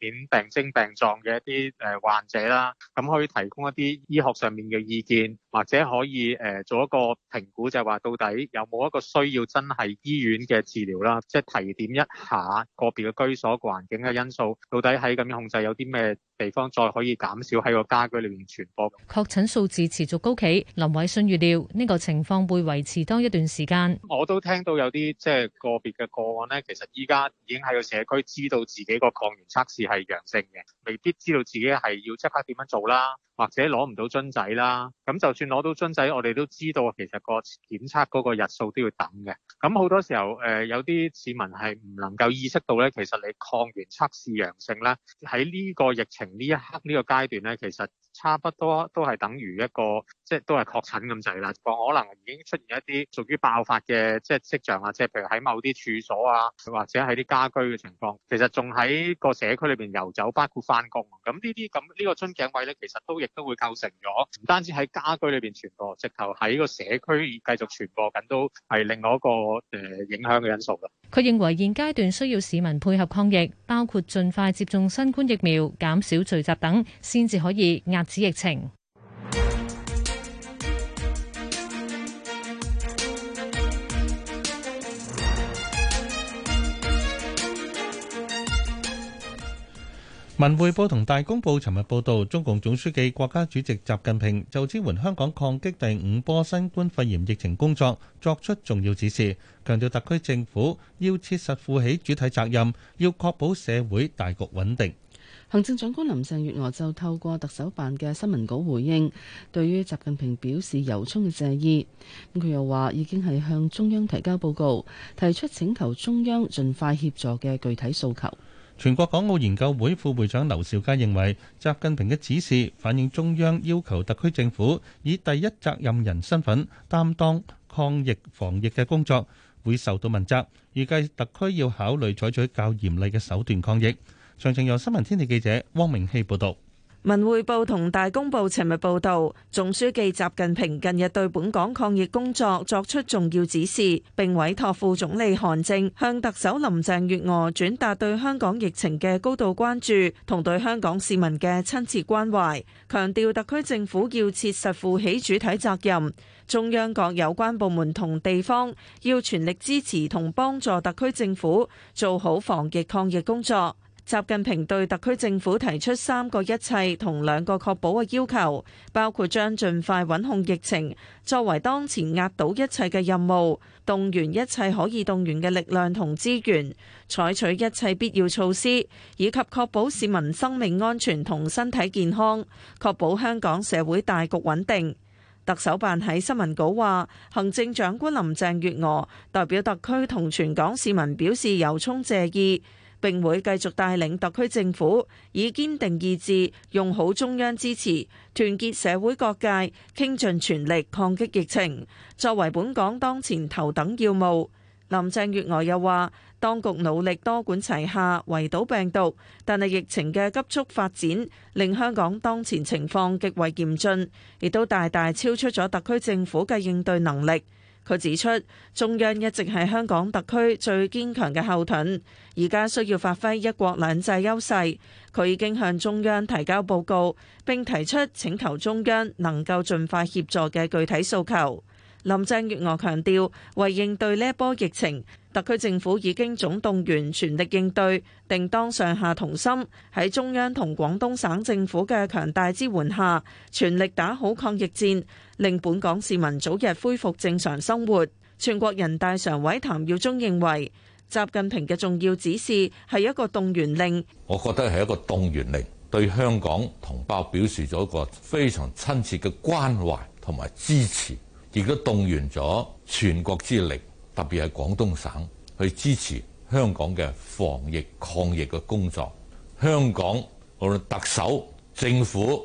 點病徵病狀嘅一啲，誒患者啦，咁可以提供一啲醫學上面嘅意見，或者可以誒做一個評估，就係話到底有冇一個需要真係醫院嘅治療啦，即係提點一下個別嘅居所個環境嘅因素，到底喺咁樣控制有啲咩地方再可以減少喺個家居裏面傳播。確診數字持續高企，林偉信預料呢個情況會維持多一段時間。我都聽到有啲即係個別嘅個案呢，其實依家已經喺個社區知道自己個抗原測試，係陽性嘅，未必知道自己係要即刻點樣做啦。或者攞唔到樽仔啦，咁就算攞到樽仔，我哋都知道其實個檢測嗰個日數都要等嘅。咁好多時候誒、呃、有啲市民係唔能夠意識到咧，其實你抗原測試陽性啦，喺呢個疫情呢一刻、這個、呢個階段咧，其實差不多都係等於一個即係都係確診咁滯啦。個可能已經出現一啲屬於爆發嘅即係跡象啊，即係譬如喺某啲處所啊，或者喺啲家居嘅情況，其實仲喺個社區裏邊遊走，包括翻工。咁呢啲咁呢個樽頸位咧，其實都亦。都會構成咗，唔單止喺家居裏邊傳播，直頭喺個社區繼續傳播緊，都係另外一個誒影響嘅因素啦。佢認為現階段需要市民配合抗疫，包括盡快接種新冠疫苗、減少聚集等，先至可以壓止疫情。文匯報同大公報尋日報道中共總書記國家主席習近平，就支援香港抗擊第五波新冠肺炎疫情工作作出重要指示，強調特區政府要切實負起主體責任，要確保社會大局穩定。行政長官林鄭月娥就透過特首辦嘅新聞稿回應，對於習近平表示由衷嘅謝意。咁佢又話已經係向中央提交報告，提出請求中央盡快協助嘅具體訴求。全國港澳研究會副會長劉兆佳認為，習近平嘅指示反映中央要求特區政府以第一責任人身份擔當抗疫防疫嘅工作，會受到問責。預計特區要考慮採取較嚴厲嘅手段抗疫。詳情由新聞天地記者汪明熙報道。文匯報同大公報尋日報道，總書記習近平近日對本港抗疫工作作出重要指示，並委託副總理韓正向特首林鄭月娥轉達對香港疫情嘅高度關注同對香港市民嘅親切關懷，強調特區政府要切實負起主體責任，中央各有關部門同地方要全力支持同幫助特區政府做好防疫抗疫工作。習近平對特區政府提出三個一切同兩個確保嘅要求，包括將盡快穩控疫情作為當前壓倒一切嘅任務，動員一切可以動員嘅力量同資源，採取一切必要措施，以及確保市民生命安全同身體健康，確保香港社會大局穩定。特首辦喺新聞稿話，行政長官林鄭月娥代表特區同全港市民表示由衷謝意。並會繼續帶領特區政府以堅定意志，用好中央支持，團結社會各界，傾盡全力抗擊疫情，作為本港當前頭等要務。林鄭月娥又話：當局努力多管齊下圍堵病毒，但係疫情嘅急速發展，令香港當前情況極為嚴峻，亦都大大超出咗特區政府嘅應對能力。佢指出，中央一直係香港特區最堅強嘅後盾，而家需要發揮一國兩制優勢。佢已經向中央提交報告，並提出請求中央能夠盡快協助嘅具體訴求。林鄭月娥強調，為應對呢一波疫情。特區政府已經總動員全力應對，定當上下同心，喺中央同廣東省政府嘅強大支援下，全力打好抗疫戰，令本港市民早日恢復正常生活。全國人大常委譚耀宗認為，習近平嘅重要指示係一個動員令，我覺得係一個動員令，對香港同胞表示咗一個非常親切嘅關懷同埋支持，亦都動員咗全國之力。特別係廣東省去支持香港嘅防疫抗疫嘅工作，香港我哋特首、政府、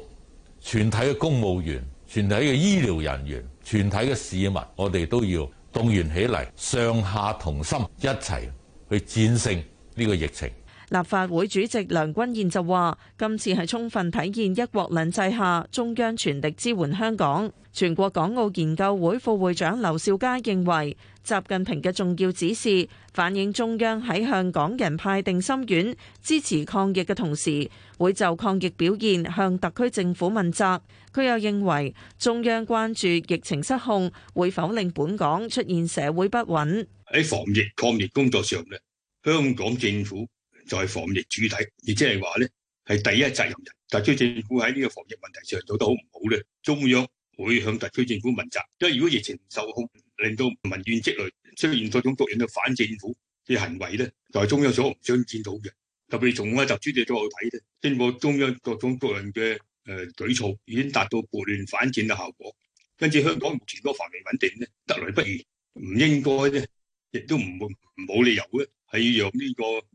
全體嘅公務員、全體嘅醫療人員、全體嘅市民，我哋都要動員起嚟，上下同心，一齊去戰勝呢個疫情。立法會主席梁君彥就話：今次係充分體現一國兩制下中央全力支援香港。全國港澳研究會副會長劉兆佳認為，習近平嘅重要指示反映中央喺向港人派定心丸、支持抗疫嘅同時，會就抗疫表現向特區政府問責。佢又認為，中央關注疫情失控會否令本港出現社會不穩。喺防疫抗疫工作上咧，香港政府就係防疫主體，亦即係話咧，係第一責任人。特區政府喺呢個防疫問題上做得好唔好咧？中央會向特區政府問責，因為如果疫情受控，令到民怨積累，出現各種各樣嘅反政府嘅行為咧，就係、是、中央所唔想見到嘅。特別從我集體角度睇咧，經過中央各種各樣嘅誒舉措，已經達到撥亂反戰嘅效果。跟住香港目前個繁榮穩定咧，得來不易，唔應該咧，亦都唔冇冇理由咧，係讓呢個。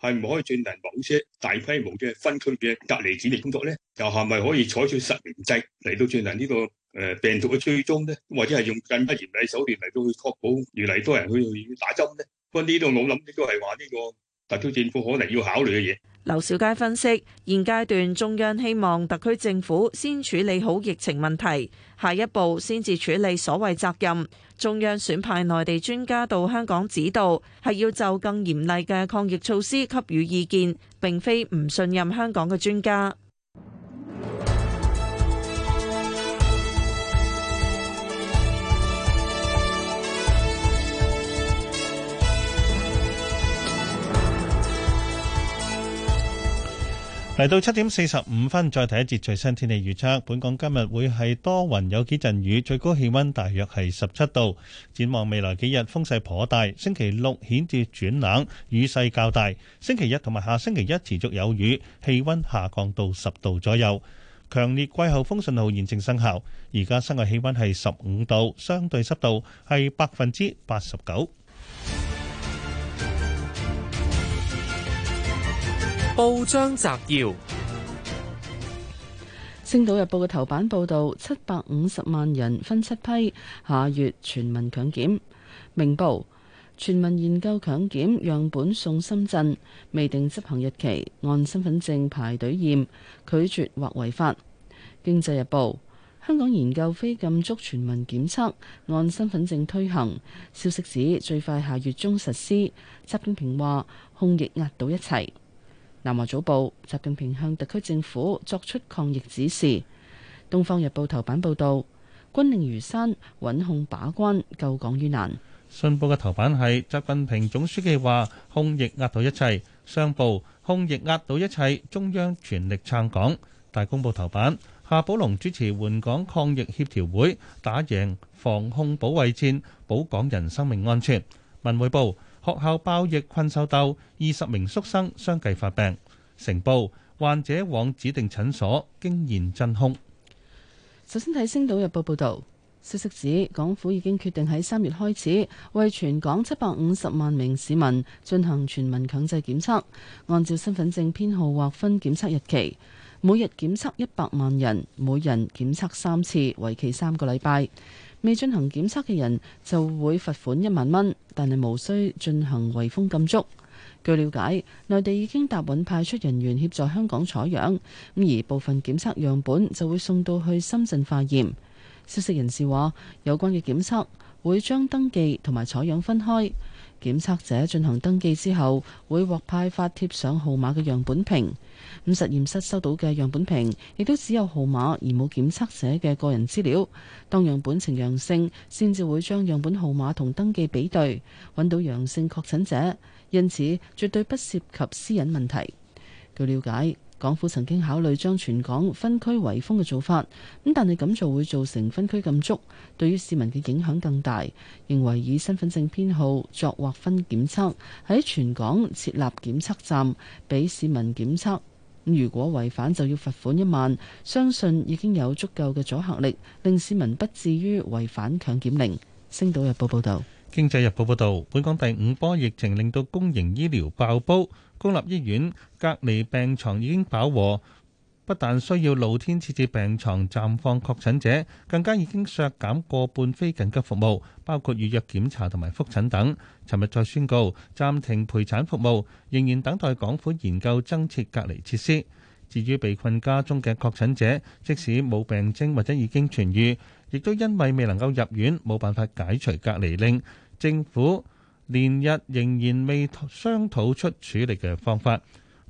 係唔可以進行某些大規模嘅分區嘅隔離檢疫工作呢？又係咪可以採取實名制嚟,到進行呢個病毒嘅追蹤呢？或者係用更加嚴厲手段嚟到去確保越嚟越多人去越越打針呢？不過呢度我諗都係話呢個。特區政府可能要考慮嘅嘢，劉小佳分析，現階段中央希望特區政府先處理好疫情問題，下一步先至處理所謂責任。中央選派內地專家到香港指導，係要就更嚴厲嘅抗疫措施給予意見，並非唔信任香港嘅專家。嚟到七點四十五分，再睇一節最新天氣預測。本港今日會係多雲有幾陣雨，最高氣温大約係十七度。展望未來幾日風勢頗大，星期六顯著轉冷，雨勢較大。星期一同埋下星期一持續有雨，氣温下降到十度左右。強烈季候風信號現正生效，而家室外氣温係十五度，相對濕度係百分之八十九。報章摘要，《星島日報》嘅頭版報道七百五十萬，人分七批，下月全民強檢。明報，全民研究強檢樣本送深圳，未定執行日期，按身份證排隊驗，拒絕或違法。《經濟日報》，香港研究非禁足全民檢測，按身份證推行。消息指最快下月中實施。習近平話控疫壓倒一切。南華早報：習近平向特區政府作出抗疫指示。東方日報頭版報道：軍令如山，穩控把關，救港於難。信報嘅頭版係習近平總書記話：控疫壓倒一切。商報：控疫壓倒一切，中央全力撐港。大公報頭版：夏寶龍主持援港抗疫協調會，打贏防控保衛戰，保港人生命安全。文匯報。學校爆疫困獸鬥，二十名宿生相繼發病，成報患者往指定診所驚現真空。首先睇《星島日報》報道，消息指港府已經決定喺三月開始為全港七百五十萬名市民進行全民強制檢測，按照身份證編號劃分檢測日期，每日檢測一百萬人，每人檢測三次，為期三個禮拜。未進行檢測嘅人就會罰款一萬蚊，但係無需進行圍封禁足。據了解，內地已經答允派出人員協助香港採樣，咁而部分檢測樣本就會送到去深圳化驗。消息人士話，有關嘅檢測會將登記同埋採樣分開。檢測者進行登記之後，會獲派發貼上號碼嘅樣本瓶。咁實驗室收到嘅樣本瓶，亦都只有號碼而冇檢測者嘅個人資料。當樣本呈陽性，先至會將樣本號碼同登記比對，揾到陽性確診者。因此，絕對不涉及私隱問題。據了解。港府曾經考慮將全港分區圍封嘅做法，咁但係咁做會造成分區禁足，對於市民嘅影響更大。認為以身份證編號作劃分檢測，喺全港設立檢測站，俾市民檢測。如果違反就要罰款一萬，相信已經有足夠嘅阻嚇力，令市民不至於違反強檢令。星島日報報導，《經濟日報》報導，本港第五波疫情令到公營醫療爆煲。公立醫院隔離病床已經飽和，不但需要露天設置病床暫放確診者，更加已經削減過半非緊急服務，包括預約檢查同埋複診等。尋日再宣告暫停陪產服務，仍然等待港府研究增設隔離設施。至於被困家中嘅確診者，即使冇病徵或者已經痊癒，亦都因為未能夠入院，冇辦法解除隔離令。政府連日仍然未商討出處理嘅方法。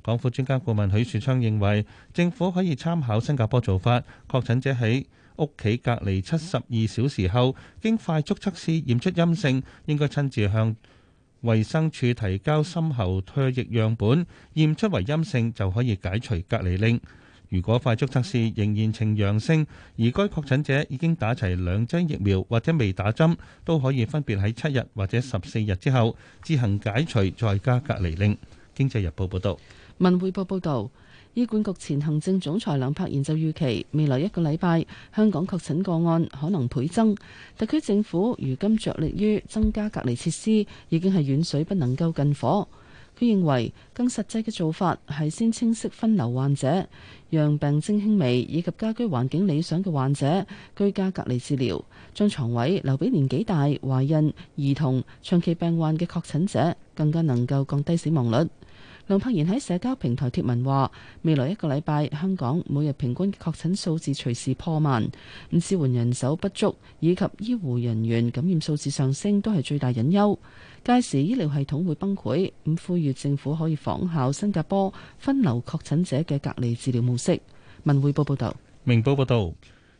港府專家顧問許樹昌認為，政府可以參考新加坡做法，確診者喺屋企隔離七十二小時後，經快速測試驗出陰性，應該親自向衛生署提交深喉唾液樣本，驗出為陰性就可以解除隔離令。如果快速測試仍然呈陽性，而該確診者已經打齊兩劑疫苗或者未打針，都可以分別喺七日或者十四日之後自行解除在家隔離令。經濟日報報道，文匯報報道，醫管局前行政總裁梁柏賢就預期未來一個禮拜香港確診個案可能倍增。特區政府如今着力於增加隔離設施，已經係遠水不能夠近火。佢認為更實際嘅做法係先清晰分流患者，讓病症輕微以及家居環境理想嘅患者居家隔離治療，將床位留俾年紀大、懷孕、兒童、長期病患嘅確診者，更加能夠降低死亡率。梁柏賢喺社交平台貼文話：未來一個禮拜，香港每日平均確診數字隨時破萬，咁支援人手不足以及醫護人員感染數字上升都係最大隱憂，屆時醫療系統會崩潰。咁呼籲政府可以仿效新加坡分流確診者嘅隔離治療模式。文匯報報道，明報報道，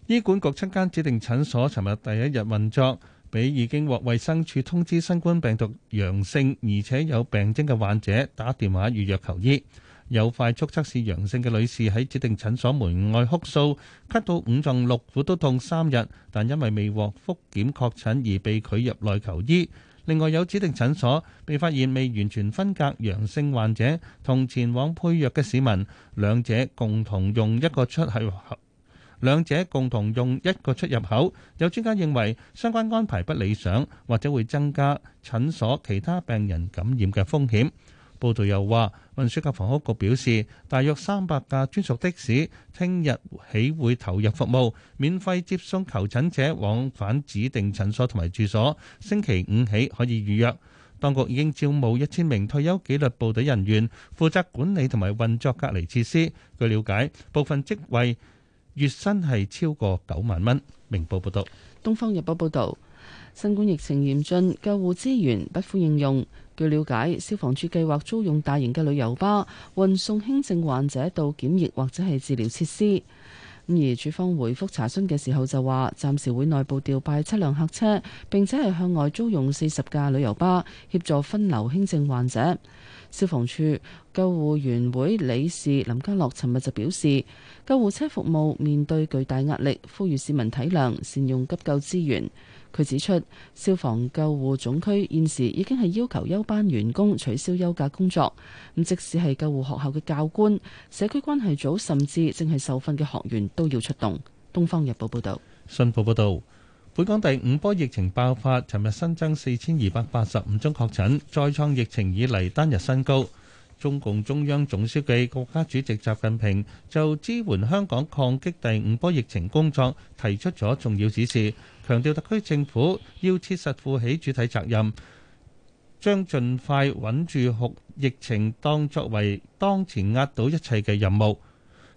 醫管局七間指定診所尋日第一日運作。俾已經獲衛生署通知新冠病毒陽性，而且有病徵嘅患者打電話預約求醫。有快速測試陽性嘅女士喺指定診所門外哭訴，咳到五臟六腑都痛三日，但因為未獲復檢確診而被拒入內求醫。另外有指定診所被發現未完全分隔陽性患者同前往配藥嘅市民，兩者共同用一個出係兩者共同用一個出入口，有專家認為相關安排不理想，或者會增加診所其他病人感染嘅風險。報道又話，運輸及房屋局表示，大約三百架專屬的士聽日起會投入服務，免費接送求診者往返指定診所同埋住所。星期五起可以預約。當局已經招募一千名退休紀律部隊人員，負責管理同埋運作隔離設施。據了解，部分職位，月薪係超過九萬蚊。明報報導。東方日報報導，新冠疫情嚴峻，救護資源不敷應用。據了解，消防處計劃租用大型嘅旅遊巴運送輕症患者到檢疫或者係治療設施。咁而處方回覆查詢嘅時候就話，暫時會內部調派七輛客車，並且係向外租用四十架旅遊巴協助分流輕症患者。消防處救護員會理事林家樂，尋日就表示，救護車服務面對巨大壓力，呼籲市民體諒，善用急救資源。佢指出，消防救護總區現時已經係要求休班員工取消休假工作，咁即使係救護學校嘅教官、社區關係組，甚至正係受訓嘅學員都要出動。東方日報報道，新報報道。本港第五波疫情爆發，尋日新增四千二百八十五宗確診，再創疫情以嚟單日新高。中共中央總書記、國家主席習近平就支援香港抗擊第五波疫情工作提出咗重要指示，強調特區政府要切實負起主體責任，將盡快穩住疫疫情，當作為當前壓倒一切嘅任務。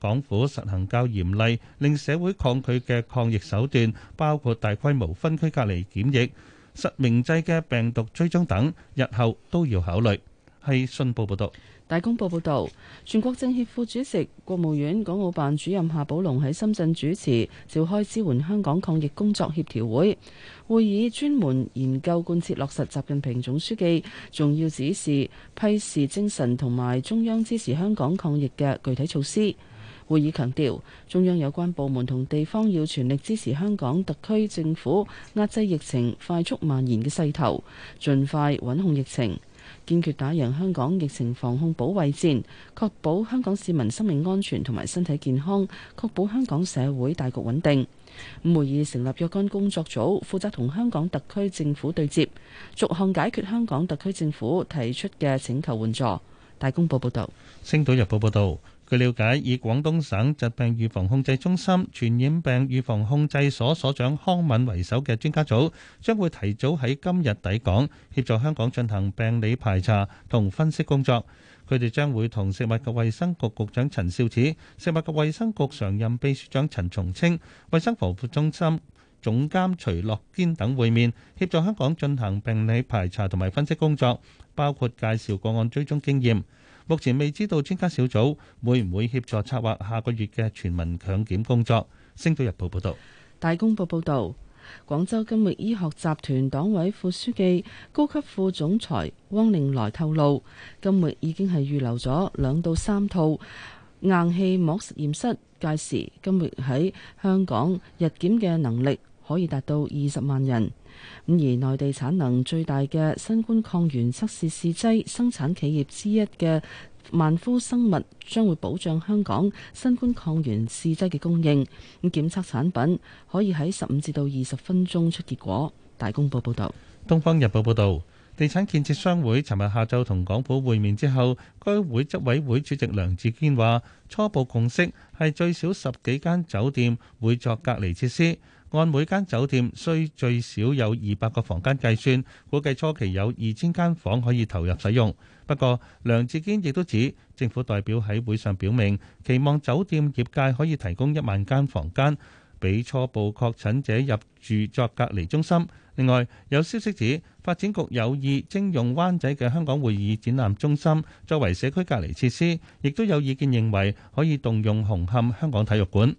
港府實行較嚴厲，令社會抗拒嘅抗疫手段，包括大規模分區隔離檢疫、實名制嘅病毒追蹤等，日後都要考慮。係信報報道，大公報報道，全國政協副主席、國務院港澳辦主任夏寶龍喺深圳主持召開支援香港抗疫工作協調會，會議，專門研究貫徹落實習近平總書記重要指示批示精神同埋中央支持香港抗疫嘅具體措施。會議強調，中央有關部門同地方要全力支持香港特區政府壓制疫情快速蔓延嘅勢頭，盡快穩控疫情，堅決打贏香港疫情防控保衛戰，確保香港市民生命安全同埋身體健康，確保香港社會大局穩定。會議成立若干工作組，負責同香港特區政府對接，逐項解決香港特區政府提出嘅請求援助。大公報報道。星島日報報道。據了解，以廣東省疾病預防控制中心傳染病預防控制所所長康敏為首嘅專家組，將會提早喺今日抵港，協助香港進行病理排查同分析工作。佢哋將會同食物及衛生局局長陳肇始、食物及衛生局常任秘書長陳松青、衛生防護中心總監徐樂堅等會面，協助香港進行病理排查同埋分析工作，包括介紹個案追蹤經驗。目前未知道專家小組會唔會協助策劃下個月嘅全民強檢工作。星島日報報道，大公報報道，廣州金域醫學集團黨委副書記、高級副總裁汪寧來透露，金域已經係預留咗兩到三套硬氣膜實驗室，屆時金域喺香港日檢嘅能力。可以達到二十萬人咁，而內地產能最大嘅新冠抗原測試試劑生產企業之一嘅萬夫生物將會保障香港新冠抗原試劑嘅供應。咁檢測產品可以喺十五至到二十分鐘出結果。大公報報道。《東方日報》報道，地產建設商會尋日下晝同港府會面之後，該會執委會主席梁志堅話：初步共識係最少十幾間酒店會作隔離設施。按每間酒店需最少有二百個房間計算，估計初期有二千間房可以投入使用。不過，梁志堅亦都指，政府代表喺會上表明，期望酒店業界可以提供一萬間房間，俾初步確診者入住作隔離中心。另外，有消息指，發展局有意徵用灣仔嘅香港會議展覽中心作為社區隔離設施，亦都有意見認為可以動用紅磡香港體育館。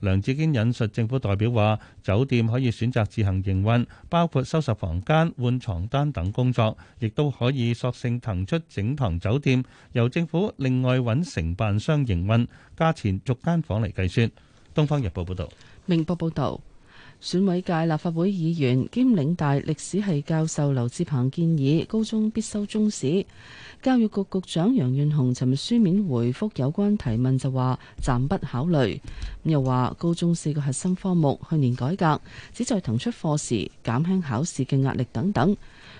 梁志堅引述政府代表話：酒店可以選擇自行營運，包括收拾房間、換床單等工作，亦都可以索性騰出整堂酒店，由政府另外搵承辦商營運，價錢逐間房嚟計算。東方日報報道，明報報道。選委界立法會議員兼嶺大歷史系教授劉志鵬建議高中必修中史，教育局局長楊潤雄尋日書面回覆有關提問就話暫不考慮，又話高中四個核心科目去年改革，旨在騰出課時減輕考試嘅壓力等等。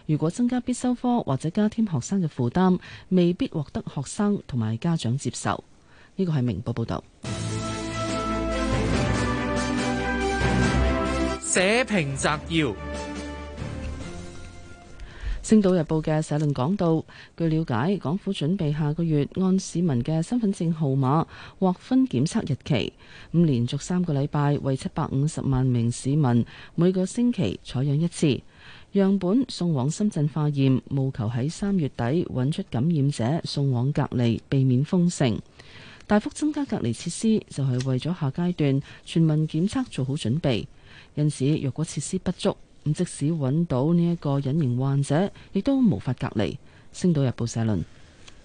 如果增加必修科或者加添學生嘅負擔，未必獲得學生同埋家長接受。呢個係明報報道。寫評摘要，《星島日報》嘅社論講到，據了解，港府準備下個月按市民嘅身份證號碼劃分檢測日期，咁連續三個禮拜為七百五十萬名市民每個星期採樣一次，樣本送往深圳化驗，務求喺三月底揾出感染者，送往隔離，避免封城。大幅增加隔離設施，就係為咗下階段全民檢測做好準備。因此，若果設施不足，咁即使揾到呢一個隱形患者，亦都無法隔離。星島日報社論。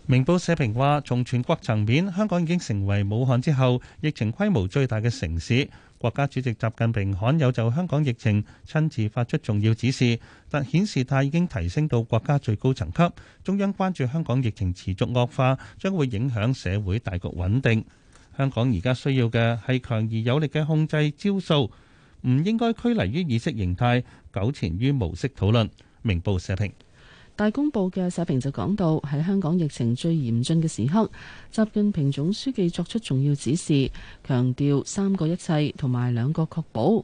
明報社評話：從全國層面，香港已經成為武漢之後疫情規模最大嘅城市。國家主席習近平罕有就香港疫情親自發出重要指示，但顯示事態已經提升到國家最高層級。中央關注香港疫情持續惡化，將會影響社會大局穩定。香港而家需要嘅係強而有力嘅控制招數。唔應該拘泥於意識形態，糾纏於模式討論。明報社評大公報嘅社評就講到，喺香港疫情最嚴峻嘅時刻，習近平總書記作出重要指示，強調三個一切同埋兩個確保。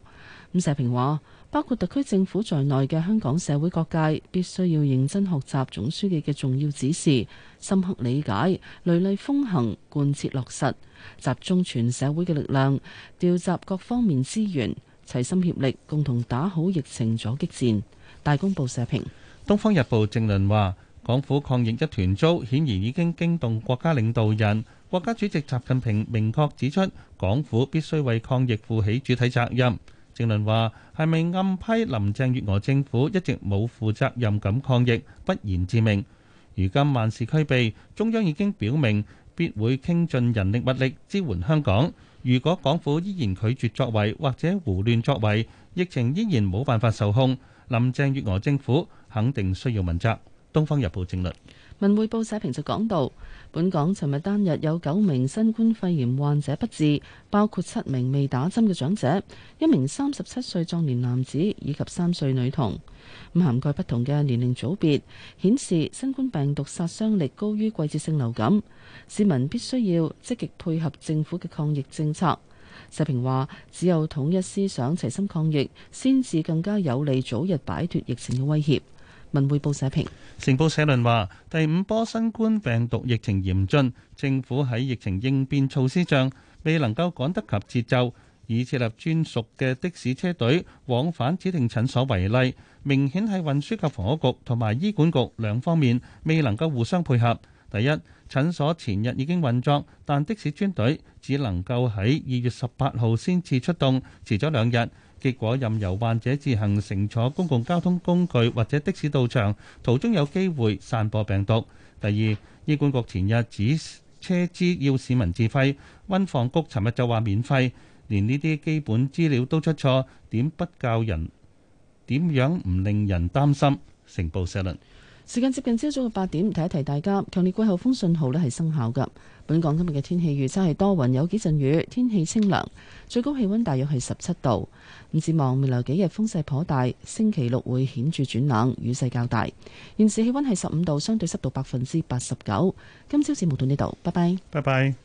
咁社評話，包括特區政府在內嘅香港社會各界必須要認真學習總書記嘅重要指示，深刻理解、雷厲風行，貫徹落實，集中全社會嘅力量，調集各方面資源。齊心協力，共同打好疫情阻擊戰。大公報社評，東方日報政論話，港府抗疫一團糟，顯然已經驚動國家領導人。國家主席習近平明確指出，港府必須為抗疫負起主體責任。政論話，係咪暗批林鄭月娥政府一直冇負責任咁抗疫？不言自明。如今萬事俱備，中央已經表明，必會傾盡人力物力支援香港。如果港府依然拒絕作為或者胡亂作為，疫情依然冇辦法受控，林鄭月娥政府肯定需要問責。《東方日報》政論。文匯報社評就講道：本港尋日單日有九名新冠肺炎患者不治，包括七名未打針嘅長者，一名三十七歲壯年男子以及三歲女童。咁涵蓋不同嘅年齡組別，顯示新冠病毒殺傷力高於季節性流感，市民必須要積極配合政府嘅抗疫政策。社評話：只有統一思想、齊心抗疫，先至更加有利早日擺脫疫情嘅威脅。文匯報社評，成報社論話：第五波新冠病毒疫情嚴峻，政府喺疫情應變措施上未能夠趕得及節奏。以設立專屬嘅的士車隊往返指定診所為例，明顯係運輸及房屋局同埋醫管局兩方面未能夠互相配合。第一，診所前日已經運作，但的士專隊只能夠喺二月十八號先至出動，遲咗兩日，結果任由患者自行乘坐公共交通工具或者的士到場，途中有機會散播病毒。第二，醫管局前日指車資要市民自費，運房局尋日就話免費。連呢啲基本資料都出錯，點不教人？點樣唔令人擔心？成報社論。時間接近朝早嘅八點，提一提大家，強烈季候風信號咧係生效噶。本港今日嘅天氣預測係多雲，有幾陣雨，天氣清涼，最高氣溫大約係十七度。唔指望未來幾日風勢頗大，星期六會顯著轉冷，雨勢較大。現時氣溫係十五度，相對濕度百分之八十九。今朝節目到呢度，拜拜。拜拜。